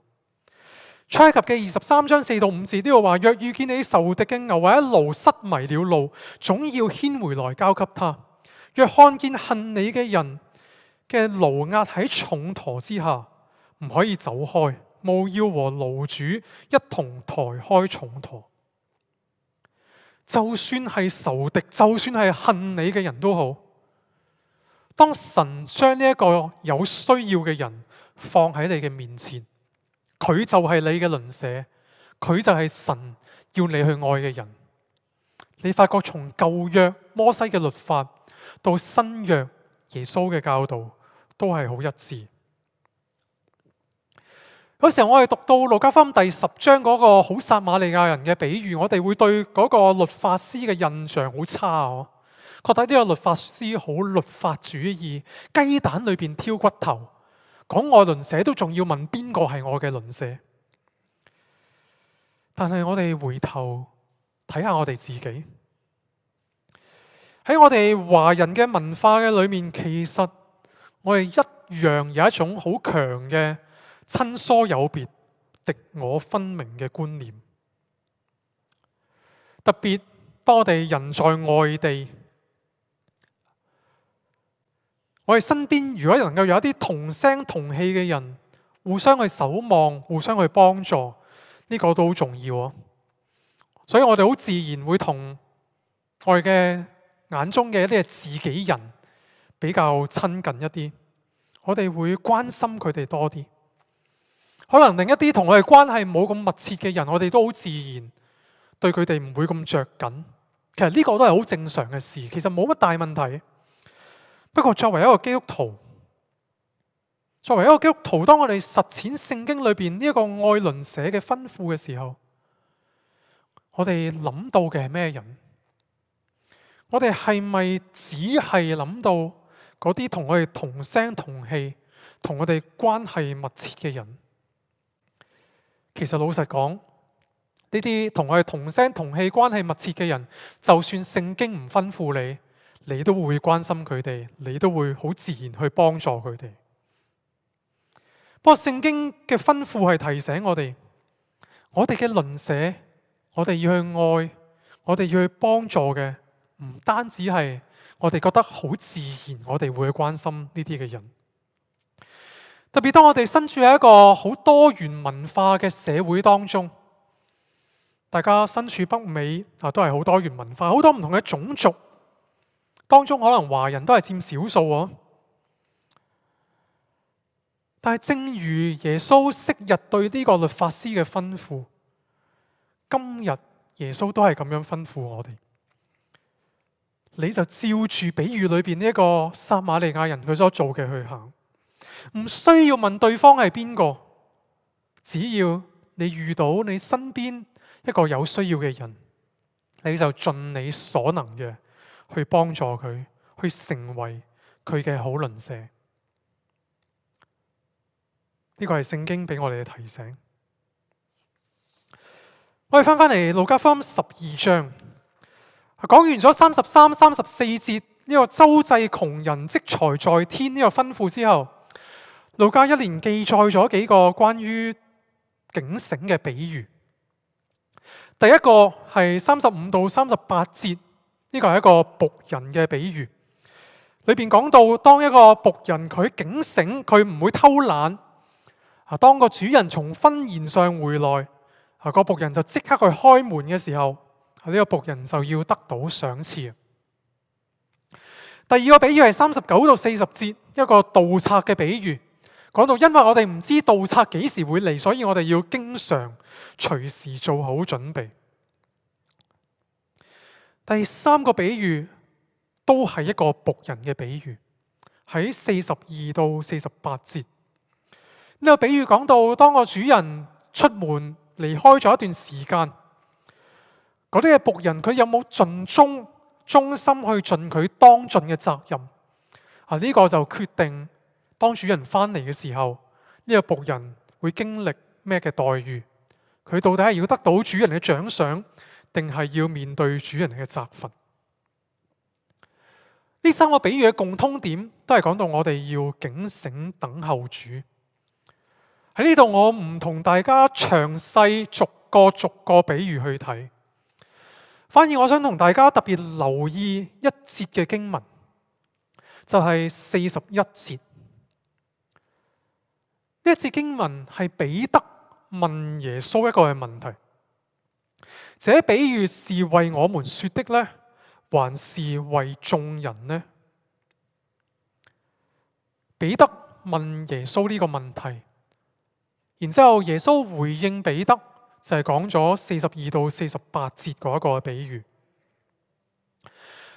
出埃及嘅二十三章四到五節都要話：若遇見你仇敵嘅牛或者驢失迷了路，總要牽回來交給他；若看見恨你嘅人嘅驢壓喺重馱之下，唔可以走開，務要和驢主一同抬開重馱。就算係仇敵，就算係恨你嘅人都好，當神將呢一個有需要嘅人放喺你嘅面前。佢就係你嘅鄰舍，佢就係神要你去愛嘅人。你發覺從舊約摩西嘅律法到新約耶穌嘅教導都係好一致。嗰、那個、時候我哋讀到路加福音第十章嗰個好撒瑪利亞人嘅比喻，我哋會對嗰個律法師嘅印象好差哦。我覺得呢個律法師好律法主義，雞蛋裏邊挑骨頭。講愛鄰舍都仲要問邊個係我嘅鄰舍？但係我哋回頭睇下我哋自己，喺我哋華人嘅文化嘅裏面，其實我哋一樣有一種好強嘅親疏有別、敵我分明嘅觀念，特別當我哋人在外地。我哋身邊如果能夠有一啲同聲同氣嘅人，互相去守望，互相去幫助，呢個都好重要啊！所以我哋好自然會同我哋嘅眼中嘅一啲自己人比較親近一啲，我哋會關心佢哋多啲。可能另一啲同我哋關係冇咁密切嘅人，我哋都好自然對佢哋唔會咁着緊。其實呢個都係好正常嘅事，其實冇乜大問題。不過作為一個基督徒，作為一個基督徒，當我哋實踐聖經裏邊呢一個愛鄰舍嘅吩咐嘅時候，我哋諗到嘅係咩人？我哋係咪只係諗到嗰啲同我哋同聲同氣、同我哋關係密切嘅人？其實老實講，呢啲同我哋同聲同氣、關係密切嘅人，就算聖經唔吩咐你。你都會關心佢哋，你都會好自然去幫助佢哋。不過聖經嘅吩咐係提醒我哋，我哋嘅鄰舍，我哋要去愛，我哋要去幫助嘅，唔單止係我哋覺得好自然，我哋會去關心呢啲嘅人。特別當我哋身處喺一個好多元文化嘅社會當中，大家身處北美啊，都係好多元文化，好多唔同嘅種族。當中可能華人都係佔少數啊，但係正如耶穌昔日對呢個律法師嘅吩咐，今日耶穌都係咁樣吩咐我哋，你就照住比喻裏邊呢一個撒瑪利亞人佢所做嘅去行，唔需要問對方係邊個，只要你遇到你身邊一個有需要嘅人，你就盡你所能嘅。去幫助佢，去成為佢嘅好鄰舍。呢、這個係聖經俾我哋嘅提醒。我哋翻返嚟，路加福音十二章，講完咗三十三、三十四節呢、這個周濟窮人積財在天呢、這個吩咐之後，路加一連記載咗幾個關於警醒嘅比喻。第一個係三十五到三十八節。呢個係一個僕人嘅比喻，裏邊講到當一個僕人佢警醒，佢唔會偷懶啊。當個主人從婚宴上回來啊，個僕人就即刻去開門嘅時候，呢個僕人就要得到賞賜。第二個比喻係三十九到四十節一個盜賊嘅比喻，講到因為我哋唔知盜賊幾時會嚟，所以我哋要經常隨時做好準備。第三個比喻都係一個僕人嘅比喻，喺四十二到四十八節呢個比喻講到，當個主人出門離開咗一段時間，嗰啲嘅僕人佢有冇盡忠忠心去盡佢當盡嘅責任？啊，呢個就決定當主人翻嚟嘅時候，呢個僕人會經歷咩嘅待遇？佢到底係要得到主人嘅獎賞？定係要面對主人嘅責罰。呢三個比喻嘅共通點，都係講到我哋要警醒等候主。喺呢度，我唔同大家詳細逐個逐個比喻去睇。反而，我想同大家特別留意一節嘅經文，就係四十一節。呢一節經文係彼得問耶穌一個嘅問題。這比喻是為我們說的呢，還是為眾人呢？彼得問耶穌呢個問題，然之後耶穌回應彼得就係講咗四十二到四十八節嗰個比喻。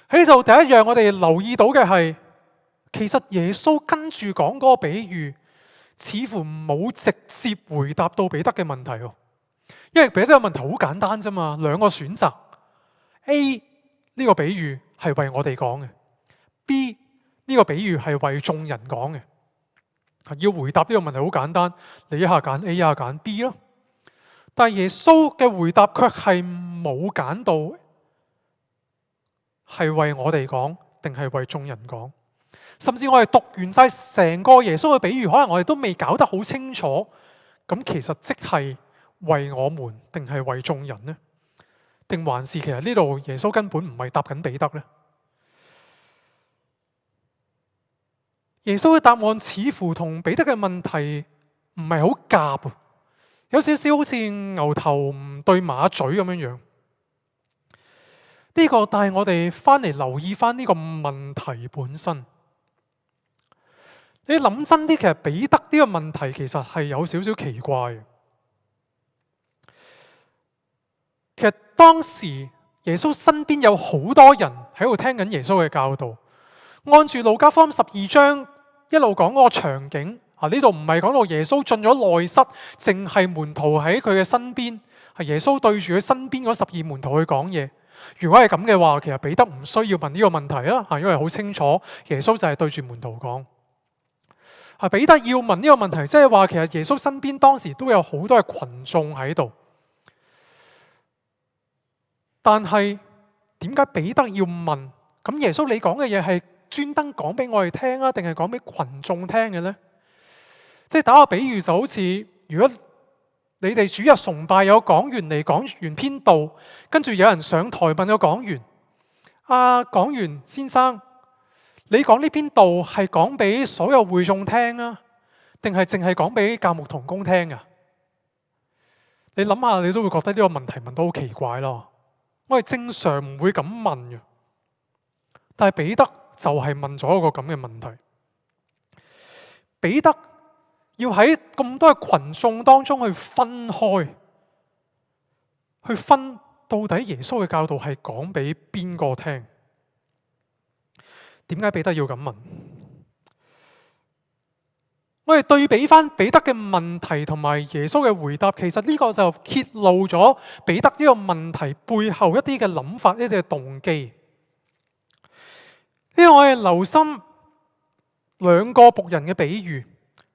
喺呢度第一樣我哋留意到嘅係，其實耶穌跟住講嗰個比喻，似乎冇直接回答到彼得嘅問題。因為俾得個問題好簡單啫嘛，兩個選擇 A 呢個比喻係為我哋講嘅，B 呢個比喻係為眾人講嘅。要回答呢個問題好簡單，你一下揀 A，一下揀 B 咯。但係耶穌嘅回答卻係冇揀到係為我哋講，定係為眾人講。甚至我哋讀完晒成個耶穌嘅比喻，可能我哋都未搞得好清楚。咁其實即係。為我們定係為眾人呢？定還是其實呢度耶穌根本唔係答緊彼得呢？耶穌嘅答案似乎同彼得嘅問題唔係好夾，有少少好似牛頭唔對馬嘴咁樣樣。呢、這個帶我哋翻嚟留意翻呢個問題本身，你諗真啲，其實彼得呢個問題其實係有少少奇怪。當時耶穌身邊有好多人喺度聽緊耶穌嘅教導，按住路加福音十二章一路講嗰個場景啊，呢度唔係講到耶穌進咗內室，淨係門徒喺佢嘅身邊，係耶穌對住佢身邊嗰十二門徒去講嘢。如果係咁嘅話，其實彼得唔需要問呢個問題啦，吓，因為好清楚耶穌就係對住門徒講。啊，彼得要問呢個問題，即係話其實耶穌身邊當時都有好多嘅群眾喺度。但係點解彼得要問？咁耶穌你講嘅嘢係專登講俾我哋聽啊，定係講俾群眾聽嘅呢？即係打個比喻，就好似如果你哋主日崇拜有講員嚟講完篇道，跟住有人上台問咗講員：阿講員先生，你講呢篇道係講俾所有會眾聽啊，定係淨係講俾教牧同工聽啊？你諗下，你都會覺得呢個問題問到好奇怪咯。我係正常唔會咁問嘅，但係彼得就係問咗一個咁嘅問題。彼得要喺咁多嘅群眾當中去分開，去分到底耶穌嘅教導係講俾邊個聽？點解彼得要咁問？我哋對比翻，彼得嘅問題同埋耶穌嘅回答，其實呢個就揭露咗彼得呢個問題背後一啲嘅諗法，一啲嘅動機。呢個我哋留心兩個僕人嘅比喻，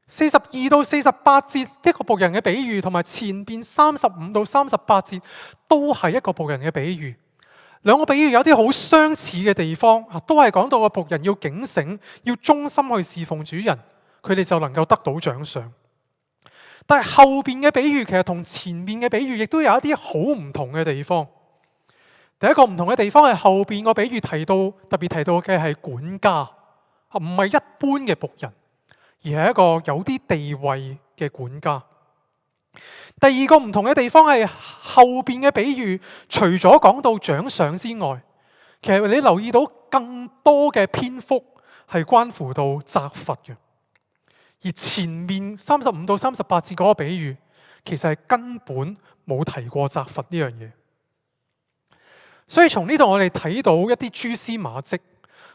四十二到四十八節一個僕人嘅比喻，同埋前邊三十五到三十八節都係一個僕人嘅比喻。兩個比喻有啲好相似嘅地方，都係講到個僕人要警醒，要忠心去侍奉主人，佢哋就能夠得到獎賞，但係後邊嘅比喻，其實同前面嘅比喻亦都有一啲好唔同嘅地方。第一個唔同嘅地方係後邊個比喻提到，特別提到嘅係管家，唔係一般嘅僕人，而係一個有啲地位嘅管家。第二個唔同嘅地方係後邊嘅比喻，除咗講到獎賞之外，其實你留意到更多嘅篇幅係關乎到責罰嘅。而前面三十五到三十八節嗰個比喻，其實係根本冇提過責罰呢樣嘢。所以從呢度我哋睇到一啲蛛絲馬跡，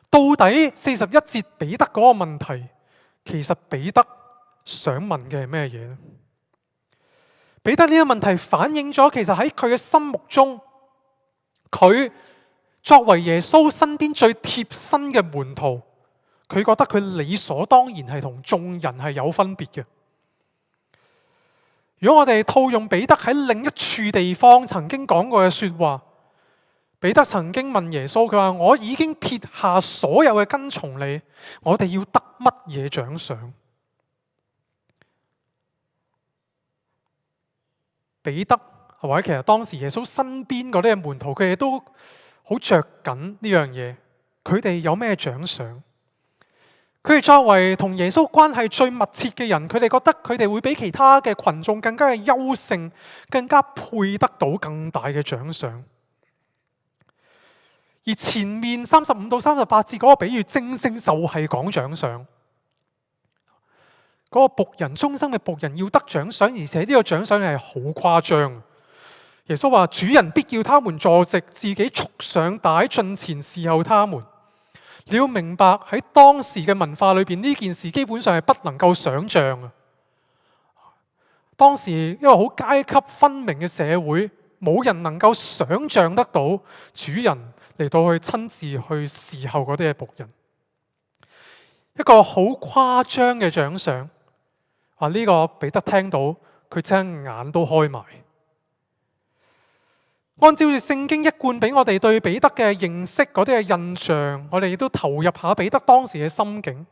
到底四十一節彼得嗰個問題，其實彼得想問嘅係咩嘢咧？彼得呢個問題反映咗，其實喺佢嘅心目中，佢作為耶穌身邊最貼身嘅門徒。佢覺得佢理所當然係同眾人係有分別嘅。如果我哋套用彼得喺另一處地方曾經講過嘅說話，彼得曾經問耶穌：佢話我已經撇下所有嘅跟從你，我哋要得乜嘢獎賞？彼得，或者其實當時耶穌身邊嗰啲嘅門徒，佢哋都好着緊呢樣嘢，佢哋有咩獎賞？佢哋作為同耶穌關係最密切嘅人，佢哋覺得佢哋會比其他嘅群眾更加嘅優勝，更加配得到更大嘅獎賞。而前面三十五到三十八節嗰個比喻，正正就係講獎賞。嗰、那個僕人終生嘅僕人要得獎賞，而且呢個獎賞係好誇張。耶穌話：主人必叫他們坐席，自己束上帶，進前侍候他們。你要明白喺當時嘅文化裏面，呢件事基本上係不能夠想像啊！當時一個好階級分明嘅社會，冇人能夠想像得到主人嚟到去親自去侍候嗰啲嘅僕人，一個好誇張嘅景象啊！呢、這個彼得聽到，佢隻眼都開埋。按照住聖經一貫俾我哋對彼得嘅認識嗰啲嘅印象，我哋亦都投入下彼得當時嘅心境。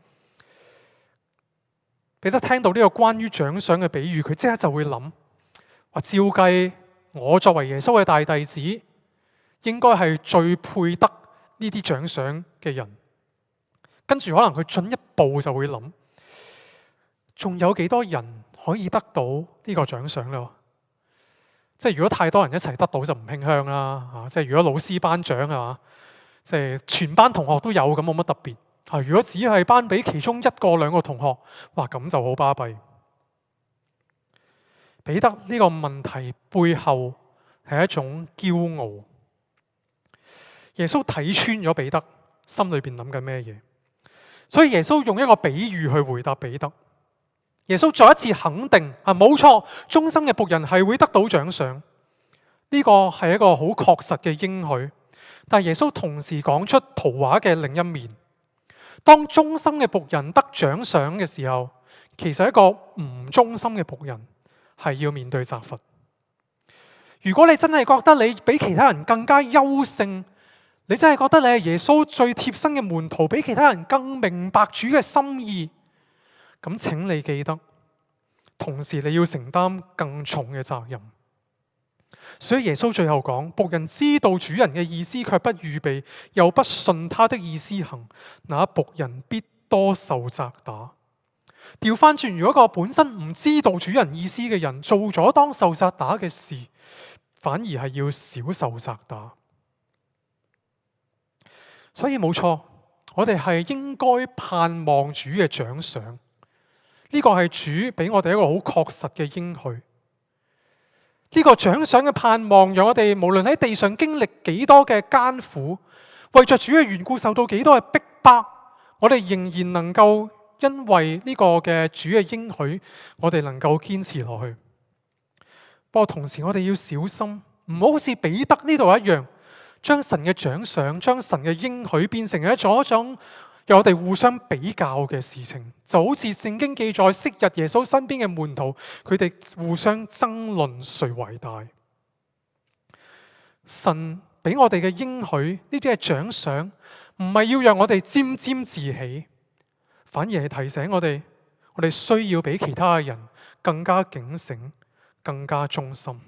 彼得聽到呢個關於獎賞嘅比喻，佢即刻就會諗：話照計，我作為耶穌嘅大弟子，應該係最配得呢啲獎賞嘅人。跟住可能佢進一步就會諗：仲有幾多人可以得到呢個獎賞咧？即係如果太多人一齊得到就唔馨香啦，吓，即係如果老師頒獎係嘛，即係全班同學都有咁，冇乜特別。如果只係頒俾其中一個兩個同學，哇，咁就好巴閉。彼得呢個問題背後係一種驕傲。耶穌睇穿咗彼得心裏邊諗緊咩嘢，所以耶穌用一個比喻去回答彼得。耶穌再一次肯定啊，冇錯，忠心嘅僕人係會得到獎賞，呢、這個係一個好確實嘅應許。但耶穌同時講出圖畫嘅另一面，當忠心嘅僕人得獎賞嘅時候，其實一個唔忠心嘅僕人係要面對責罰。如果你真係覺得你比其他人更加優勝，你真係覺得你係耶穌最貼身嘅門徒，比其他人更明白主嘅心意。咁，請你記得，同時你要承擔更重嘅責任。所以耶穌最後講：僕人知道主人嘅意思，卻不預備，又不信他的意思行，那僕人必多受責打。調翻轉，如果個本身唔知道主人意思嘅人做咗當受責打嘅事，反而係要少受責打。所以冇錯，我哋係應該盼望主嘅獎賞。呢個係主俾我哋一個好確實嘅應許，呢個獎賞嘅盼望讓我哋無論喺地上經歷幾多嘅艱苦，為着主嘅緣故受到幾多嘅逼迫，我哋仍然能夠因為呢個嘅主嘅應許，我哋能夠堅持落去。不過同時我哋要小心，唔好好似彼得呢度一樣，將神嘅獎賞、將神嘅應許變成咗一種。有我哋互相比較嘅事情，就好似聖經記載昔日耶穌身邊嘅門徒，佢哋互相爭論誰為大。神俾我哋嘅應許，呢啲係獎賞，唔係要讓我哋沾沾自喜，反而係提醒我哋，我哋需要比其他嘅人更加警醒，更加忠心。呢、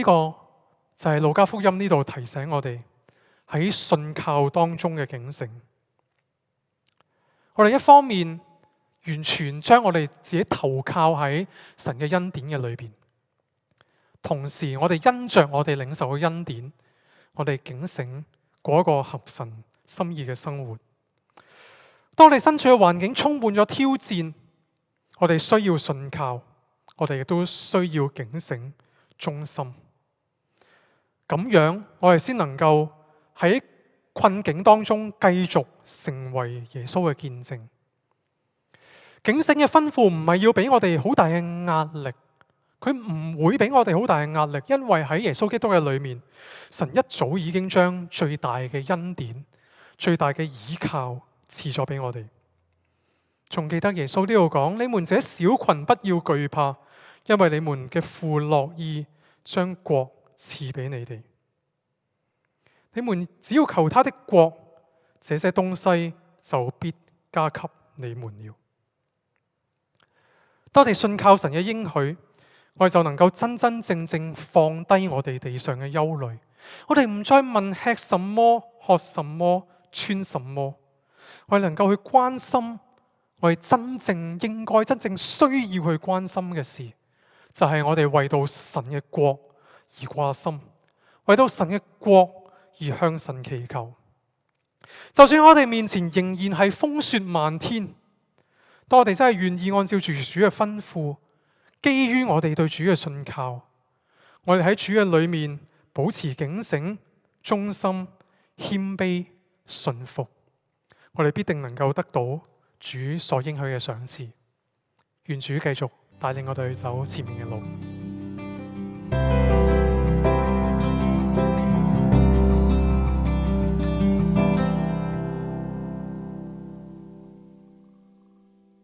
這個就係路加福音呢度提醒我哋。喺信靠當中嘅警醒，我哋一方面完全將我哋自己投靠喺神嘅恩典嘅裏邊，同時我哋因着我哋領受嘅恩典，我哋警醒過一個合神心意嘅生活。當你身處嘅環境充滿咗挑戰，我哋需要信靠，我哋亦都需要警醒忠心。咁樣我哋先能夠，喺困境當中，繼續成為耶穌嘅見證。警醒嘅吩咐唔係要俾我哋好大嘅壓力，佢唔會俾我哋好大嘅壓力，因為喺耶穌基督嘅裏面，神一早已經將最大嘅恩典、最大嘅倚靠賜咗俾我哋。仲記得耶穌呢度講：你們這小群不要懼怕，因為你們嘅父樂意將國賜俾你哋。你們只要求他的國，這些東西就必加給你們了。當我哋信靠神嘅應許，我哋就能夠真真正正放低我哋地上嘅憂慮。我哋唔再問吃什麼、喝什麼、穿什麼，我哋能夠去關心我哋真正應該、真正需要去關心嘅事，就係、是、我哋為到神嘅國而掛心，為到神嘅國而向神祈求，就算我哋面前仍然係風雪漫天，當我哋真係願意按照住主嘅吩咐，基於我哋對主嘅信靠，我哋喺主嘅裏面保持警醒、忠心、謙卑、信服，我哋必定能夠得到主所應許嘅賞賜。願主繼續帶領我哋去走前面嘅路。